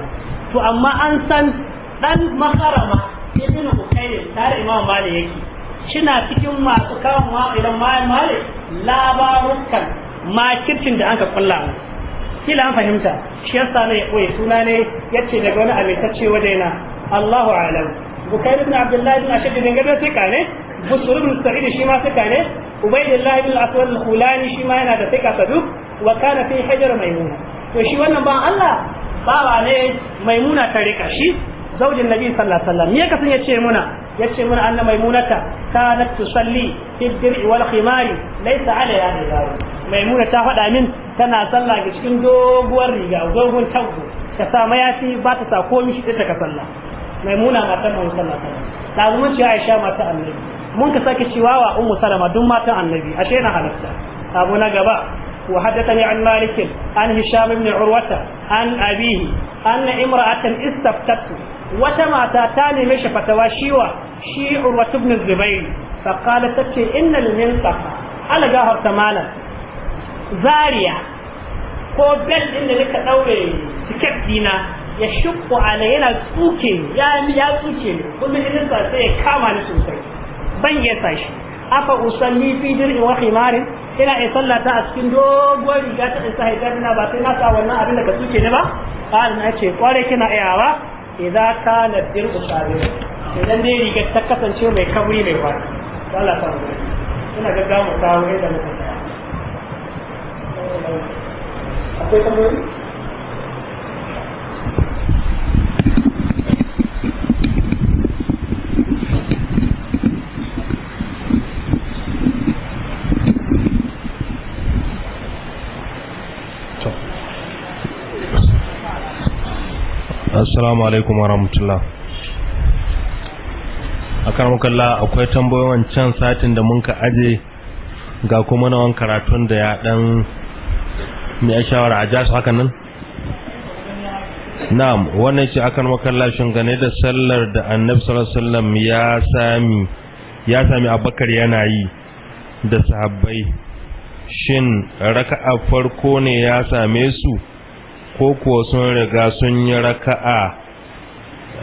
to amma an san dan makarama ibn Husayn tare Imam Malik yake shina cikin masu kawo ma'ilan Malik labarukan makircin da aka kulla mu kila an fahimta shi yasa ne koyi suna ne yace daga wani amintacce wajena Allahu a'lam Bukair ibn Abdullah ibn Ashad ibn Gadda sai ne Busur ibn Sa'id shi ma sai ne Ubaydullah ibn Aswad al-Khulani shi ma yana da sai ka saduk wa kana fi hajar maimuna to shi wannan ba Allah bawa ne maimuna ta rika shi zaujin nabi sallallahu alaihi wasallam me ka san yace muna yace muna anna maimunata kanat tusalli fi dir'i wal khimari laysa alaiha hijabu maimuna ta faɗa min tana sallah ga cikin doguwar riga dogon taggo ta sa mayafi ba ta sa komi shi ta ka sallah maimuna matan mu sallallahu alaihi ta da mun ce Aisha mata annabi mun ka sake cewa wa ummu salama duk matan annabi ashe na halatta abu na gaba وحدثني عن مالك عن هشام بن عروة عن أبيه أن امرأة استفتته wata mata ta neme shi fatawa shiwa shi urwatu ibn zubair fa qala tace innal mintaqa ala gahar tamala zariya ko bel din da nika daure tiket dina ya shukku ala yana tsuke ya ya tsuke kullum idan sai ya kama ni sosai ban ya sashi afa usalli fi dir'in wa khimarin ina in sallata a cikin dogon riga ta in sa hijabi na ba sai na sa wannan abin da ka tsuke ne ba Ba na ce kware kina iyawa idza kana dirbu sabir idan dai rigar ta kasance mai kabri mai fadi Allah ta mu kawo yadda akwai tambayoyi assalamu alaikum wa rahmatullah a karamakalla akwai tambayoyin can satin da mun ka aje ga kuma na wani karatun da ya dan mai shawara a jasu hakan nan na'am wannan ce akan makalla gane da sallar da annabi sallallahu alaihi wasallam ya sami ya sami abakar yana yi da sahabbai shin raka'a farko ne ya same su ko kuwa sun riga sun yi raka'a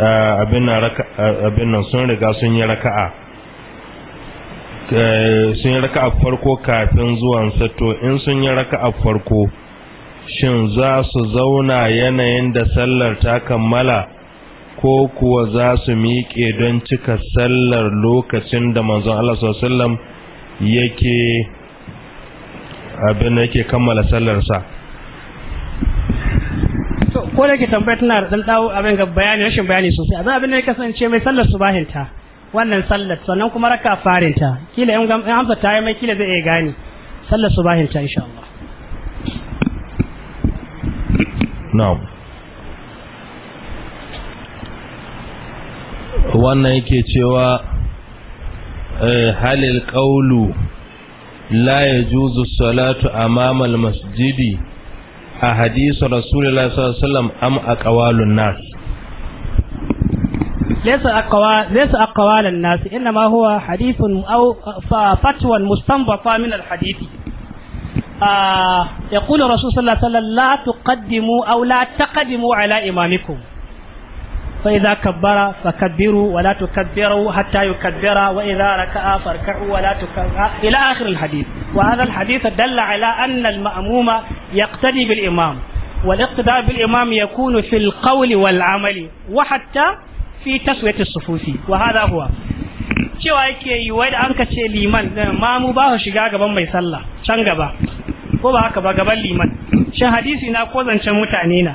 eh, eh, abin nan sun riga sun yi raka'a eh, sun yi raka'a farko kafin zuwan sato in sun yi raka'a farko shin za su zauna yanayin da sallar ta kammala ko kuwa za su miƙe don cika sallar lokacin da manzon Allah sallallahu alaihi wasallam yake abin yake kammala sallarsa to ko da ke tambayar tana da dawo abin ga bayani rashin bayani sosai abin abin da ya kasance mai sallar subahinta wannan sallar sannan kuma raka farinta ta kila in amsa ta yi mai kila zai iya gane sallar subahinta insha Allah na'am wannan yake cewa eh, halil qawlu la yajuzu salatu amama al-masjidi a hadisu rasulullah sallallahu alaihi wasallam am nas laysa aqwa laysa nas inma huwa hadithun aw fatwa mustanbata min al hadith يقول الرسول صلى الله عليه وسلم لا تقدموا أو لا تقدموا على فإذا كبر فكبروا ولا تكبروا حتى يكبر وإذا ركع فاركعوا ولا تكبروا إلى آخر الحديث وهذا الحديث دل على أن المأموم يقتدي بالإمام والاقتداء بالإمام يكون في القول والعمل وحتى في تسوية الصفوف وهذا هو cewa yake yi wai da an ka ce liman ma mu ba su shiga gaban mai sallah can gaba ko ba haka ba gaban liman shin hadisi na ko zancen mutane na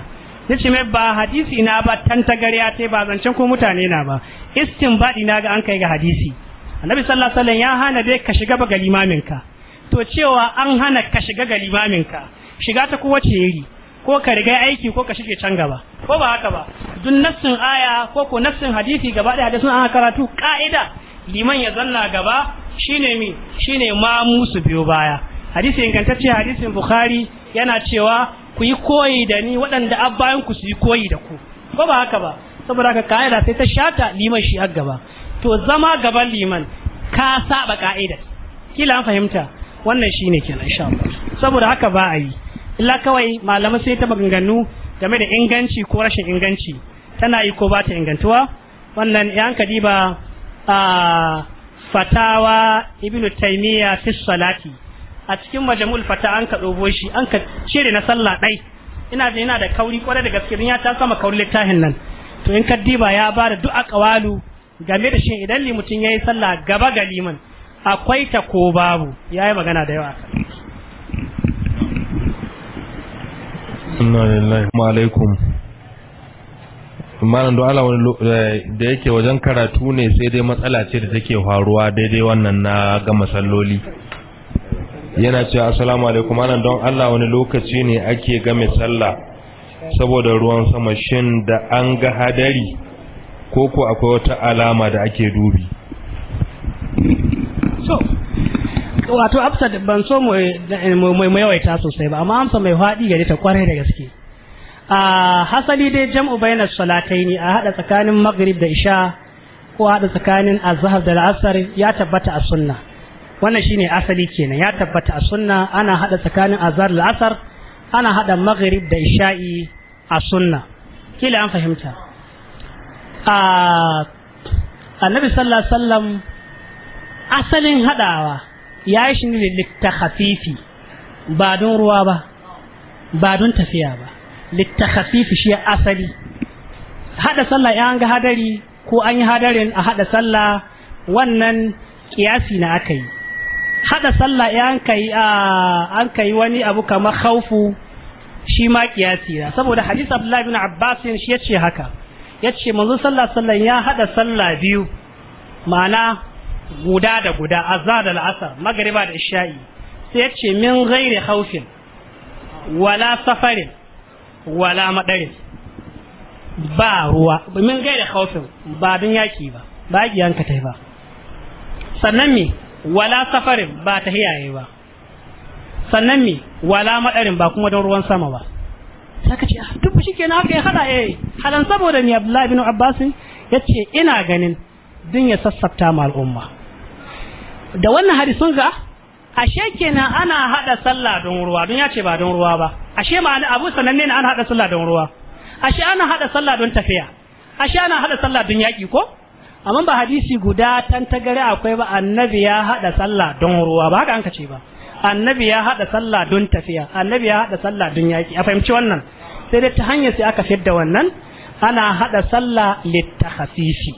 ce mai ba hadisi na ba gariya ta ba zancen ko mutane na ba istin baɗi na ga an kai ga hadisi annabi sallallahu alaihi wasallam ya hana dai ka shiga ga limaminka to cewa an hana ka shiga ga ka shiga ta kowace yiri ko ka riga aiki ko ka shige can gaba ko ba haka ba duk nassin aya ko ko nassin hadisi gaba da hadisin an karatu ka'ida liman ya zanna gaba shine mi shine ma musu biyo baya hadisi ingantacce hadisin bukhari yana cewa ku yi koyi da ni waɗanda abbayan ku su yi koyi da ku ko ba haka ba saboda haka ka'ida sai ta shata liman shi har gaba to zama gaban liman ka saba ka'ida kila an fahimta wannan shine kenan insha Allah saboda haka ba a yi illa kawai malamai sai ta maganganu game da inganci ko rashin inganci tana yi ko ba ta ingantuwa wannan yan diba a ah, fatawa ibnu taymiya fi salati a cikin majamul fata an ka ɗobo shi an ka cire na sallah ɗai ina da yana da kauri kwarai da gaske ya ta sama kauri littafin nan to in kaddiba ya ba da duk walu game da shin idan limutin ya yi sallah gaba ga liman akwai ta ko babu ya yi magana da yawa alaikum malam da ala eh, da yake wajen karatu ne sai dai matsala ce da take faruwa daidai wannan na ga masalloli yana cewa assalamu alaikum anan don Allah wani lokaci ne ake game sallah saboda ruwan sama shin da an ga hadari ko ko akwai wata alama da ake dubi so wato amsa ban so mai mayawaita sosai ba amma amsa mai faɗi gare ta kwarai da gaske a hasali dai jam'u salatai salataini a hada tsakanin maghrib da isha ko hada tsakanin azhar da al'asr ya tabbata a sunna wannan shine asali kenan ya tabbata a sunna ana hada tsakanin azhar la'asar ana hada maghrib da isha'i a sunna kila an fahimta a annabi sallallahu alaihi wasallam asalin hadawa ya shi ne ba don ruwa ba ba don tafiya ba littahafifi shi asali hada sallah ya ga hadari ko an yi hadarin a hada sallah wannan kiyasi na aka yi hada sallah ya an kai an kai wani abu kamar khaufu shi ma kiyasi na saboda hadisi Abdullahi bin Abbas shi yace haka yace manzo sallah sallan ya hada sallah biyu ma'ana guda da guda azza da al'asar magriba da isha'i sai yace min ghairi khaufin wala safarin wala madarin ba ruwa min ghairi khaufin ba don yaki ba ba yanka tai ba sannan me wala safarin ba ta hiyaye ba sannan mi wala madarin ba kuma don ruwan sama ba saka ce ah, duk shi kenan haka ya hada eh halan saboda ni Abdullahi bin Abbas yace ina ganin din ya sassafta ma al'umma da wannan hadisin ga ashe kenan ana hada sallah don ruwa don yace ba don ruwa ba ashe ma Abu sannan ne ana hada sallah don ruwa ashe ana hada sallah don tafiya ashe ana hada sallah don yaki ko amma ba hadisi guda tan tagare akwai ba annabi ya hada sallah don ruwa ba haka an kace ba annabi ya hada sallah don tafiya annabi ya hada sallah don yaki a fahimci wannan sai dai ta hanyar sai aka fidda wannan ana hada sallah littakhasisi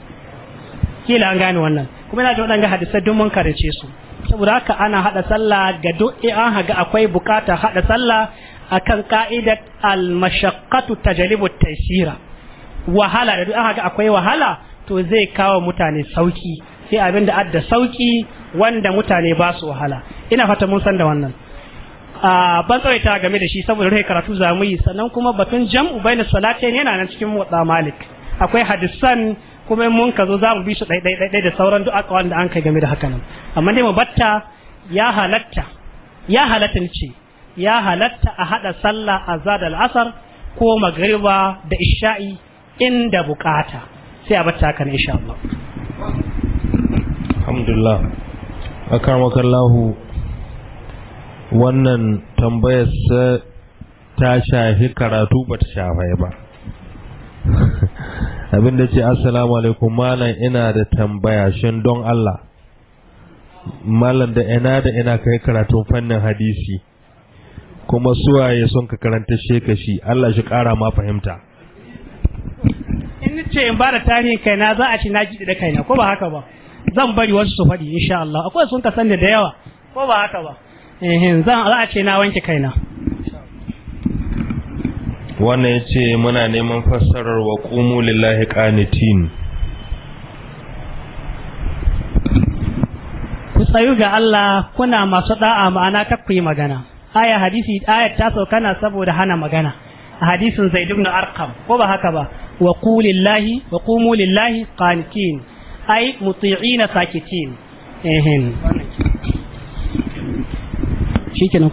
kila an gane wannan kuma ina ji waɗanga hadisai don mun karance su saboda haka ana hada sallah ga duk an haga akwai bukata hada sallah akan ka'idat al-mashaqqatu tajlibu at-taysira wahala da duk an haga akwai wahala to zai kawo mutane sauki sai abin da adda sauki wanda mutane ba su wahala ina fata mun san da wannan a ban tsawaita game da shi saboda rai karatu za mu yi sannan kuma batun jam'u bainas salatain yana nan cikin motsa malik akwai hadisan kuma mun ka zo za mu bi su ɗaiɗaiɗaiɗai da sauran duk aka wanda an kai game da haka nan amma dai mu batta ya halatta ya halatta ce ya halatta a haɗa sallah a da al'asar ko magariba da isha'i inda bukata sai a bata haka ne insha Allah alhamdulillah akan wakallahu wannan tambayar ta shafi karatu ba ta shafai ba [laughs] abin da ce assalamu alaikum malam ina da tambaya shin don Allah malam da ina da ina kai karatun fannin hadisi kuma suwaye sun ka karanta shekashi Allah shi kara ma fahimta in ce in ba da tarihin kaina za a ce na ji da kaina ko ba haka ba zan bari wasu su faɗi insha Allah akwai sun kasan da yawa ko ba haka ba eh zan za a ce na wanke kaina wannan yace muna neman fassarar wa qumu lillahi qanitin ku tsayu ga Allah kuna masu da'a ma'ana ta ku yi magana aya hadisi aya ta sauka na saboda hana magana a hadisin zaid ibn arqam ko ba haka ba وقول الله وقوموا لله قانتين أي مطيعين ساكتين sakitin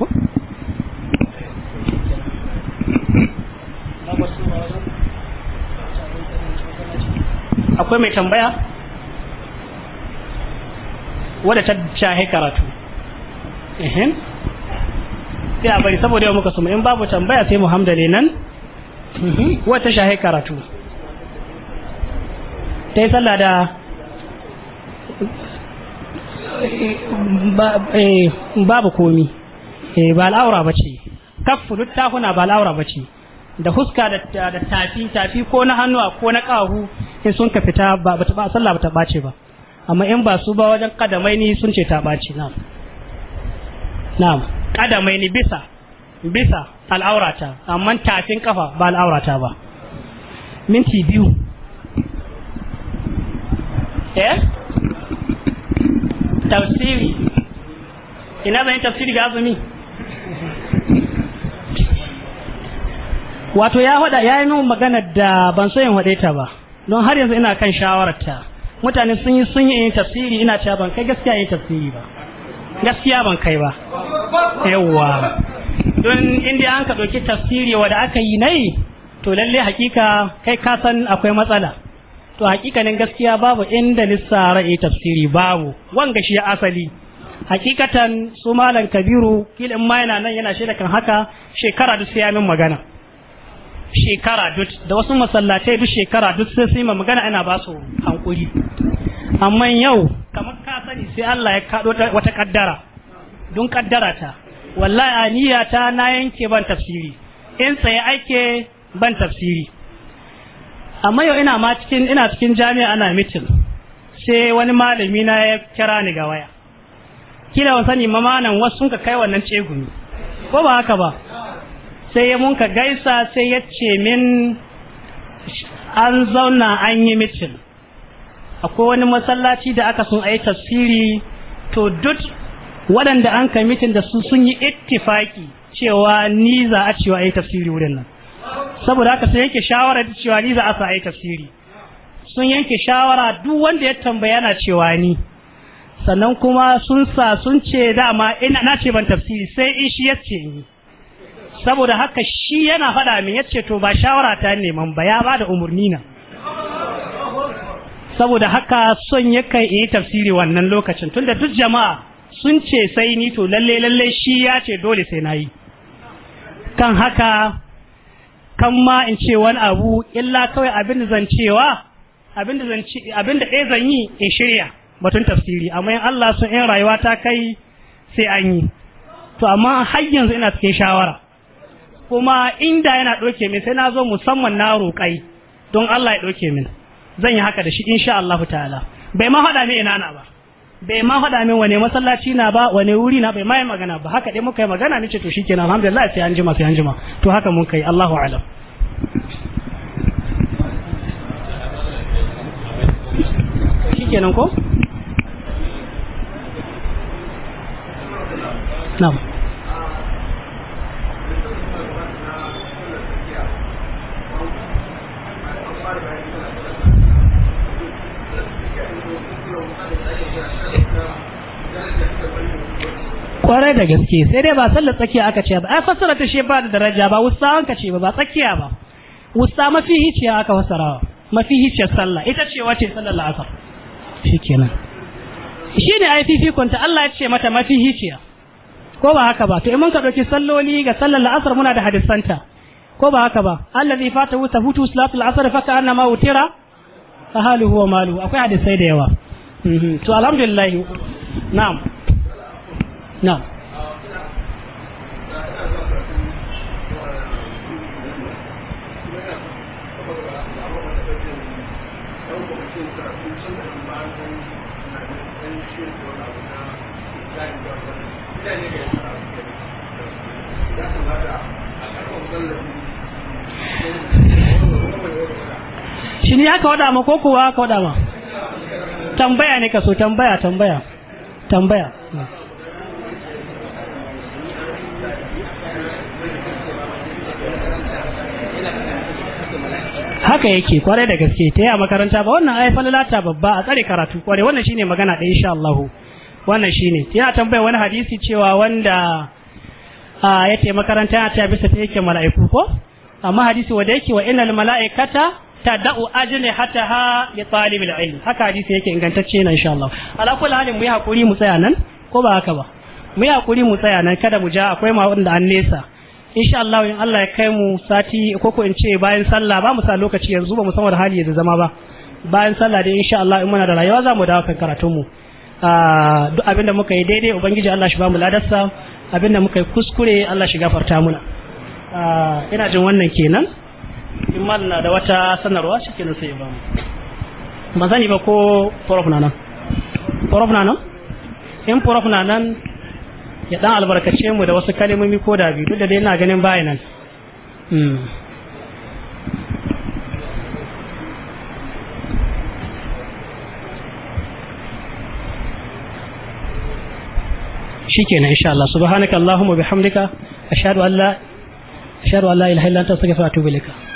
akwai mai tambaya wadda ta shahe karatu ehin sai a bari saboda yau muka suma in babu tambaya sai mu hamdale nan wata shahe karatu ta yi tsalla da eh, babu komi eh, ba al'aura ba ce kafin tahuna ba al'aura ba ce da huska da tafi tafi ko na hannuwa ko na ƙahu in sun ka fita ba ta tsalla ba ta ɓace ba amma in ba su ba wajen kadamai ni sun ce ta ɓace na kadamai ni bisa bisa al'aurata amma tafin kafa ba al'aurata ba minti biyu eh tafsiri ina zan tafsiri ga azumi wato ya hada ya yi nuna magana da ban so in hadaita ta ba don har yanzu ina kan shawararta mutane sun yi sun yi tafsiri ina cewa ban kai gaskiya yin tafsiri ba gaskiya ban kai ba yawwa don inda an ka ɗauki tafsiri wanda aka yi nai to lalle hakika kai ka san akwai matsala to hakikanin gaskiya babu inda lissara ra'ayi, tafsiri babu wanga shi asali hakikatan su malam kabiru kila ma yana nan yana shaida kan haka shekara duk sai min magana shekara duk da wasu masallatai duk shekara duk sai sai ma magana ina ba su hankuri amma yau kamar ka sani sai Allah ya kado wata kaddara don kaddara ta wallahi niyya ta na yanke ban tafsiri in tsaye ake ban tafsiri amma yau ina ma cikin ina cikin jami'a ana mitin sai wani malami na ya kira ni ga waya kila wasan sani nan wasu ka kai wannan cegumi ko ba haka ba sai ya mun ka gaisa sai ya ce min an zauna an yi mitin akwai wani masallaci da aka sun ayi tafsiri to duk waɗanda an mitin da su sun yi ittifaki cewa ni za a cewa ayi tafsiri wurin nan saboda haka sai yake shawara da cewa ni za a sa ayi tafsiri sun yanke shawara duk wanda ya tambaya na cewa ni sannan kuma sun sa sun ce dama ina na ce ban tafsiri sai in shi yace ni saboda haka shi yana faɗa min yace to ba shawara ta neman ba ya bada umurni na saboda haka son yakan yi tafsiri wannan lokacin tunda duk jama'a sun ce sai ni to lalle lalle shi ya ce dole sai na yi kan haka kan ma in ce wani abu illa kawai abin da zan cewa abin da zan ɗaya zan yi in shirya batun tafsiri amma in Allah sun in rayuwa ta kai sai an yi to amma har yanzu ina cikin shawara kuma inda yana ɗauke min sai na zo musamman na roƙai don Allah ya ɗauke min zan yi haka da shi insha Allah ta'ala bai ma haɗa ni ina na ba bai ma faɗa min wane masallaci na ba wane wuri na bai ma yi magana ba haka dai muka yi magana nace to shikenan alhamdulillah sai an jima sai an jima to haka mun kai Allahu a'lam shikenan ko na'am kwarai da gaske sai dai ba sallar tsakiya aka ce ba ai fassara ta shi ba da daraja ba wusta an ka ce ba tsakiya ba wusta mafi hiciya aka ba mafi hiciyar sallah ita ce wace sallar la'asar Shi kenan shi ne ai fifikon ta Allah ya ce mata mafi hiciya ko ba haka ba to in mun ka ɗauki salloli ga sallar la'asar muna da hadisanta ko ba haka ba Allah fata wuta hutu salatul asar fa annama ma utira fa haluhu wa malu akwai hadisai da yawa Mhm. to alhamdulillah na'am na'am shi ne aka wada ma ko kuwa aka ma tambaya ne ka so tambaya tambaya tambaya haka yake kwarai da gaske ta yi a makaranta ba wannan ai lata babba a tsare karatu kwarai wannan shine magana da insha Allah wannan shine yana tambaya wani hadisi cewa wanda a ce makaranta ta bisa ta yake mala'iku ko amma hadisi wanda yake wa inal mala'ikata Ta da'u hatta ha li talibil ilm haka hadisi yake ingantacce na insha Allah ala kulli halin mu yi hakuri mu tsaya nan ko ba haka ba mu yi hakuri mu tsaya nan kada mu ja akwai ma wanda an nesa insha Allah in Allah ya kai mu sati ko ko in ce bayan sallah ba mu sa lokaci yanzu ba mu san wani hali ya zama ba bayan sallah dai insha Allah in muna da rayuwa za mu dawo kan karatun mu ah, duk abinda muka yi daidai ubangiji Allah shi ba mu ladarsa abinda muka yi kuskure Allah shi gafarta muna ah, ina jin wannan kenan in na da wata sanarwa shi kenan sai ya bamu ba yi ba ko prof na nan prof na nan in prof na nan ya dan albarkace mu da wasu kalmomi ko da biyu duk da dai ina ganin baya nan hmm. shikenan insha Allah subhanaka allahumma bihamdika ashhadu an la ashhadu an la ilaha illa tubalika.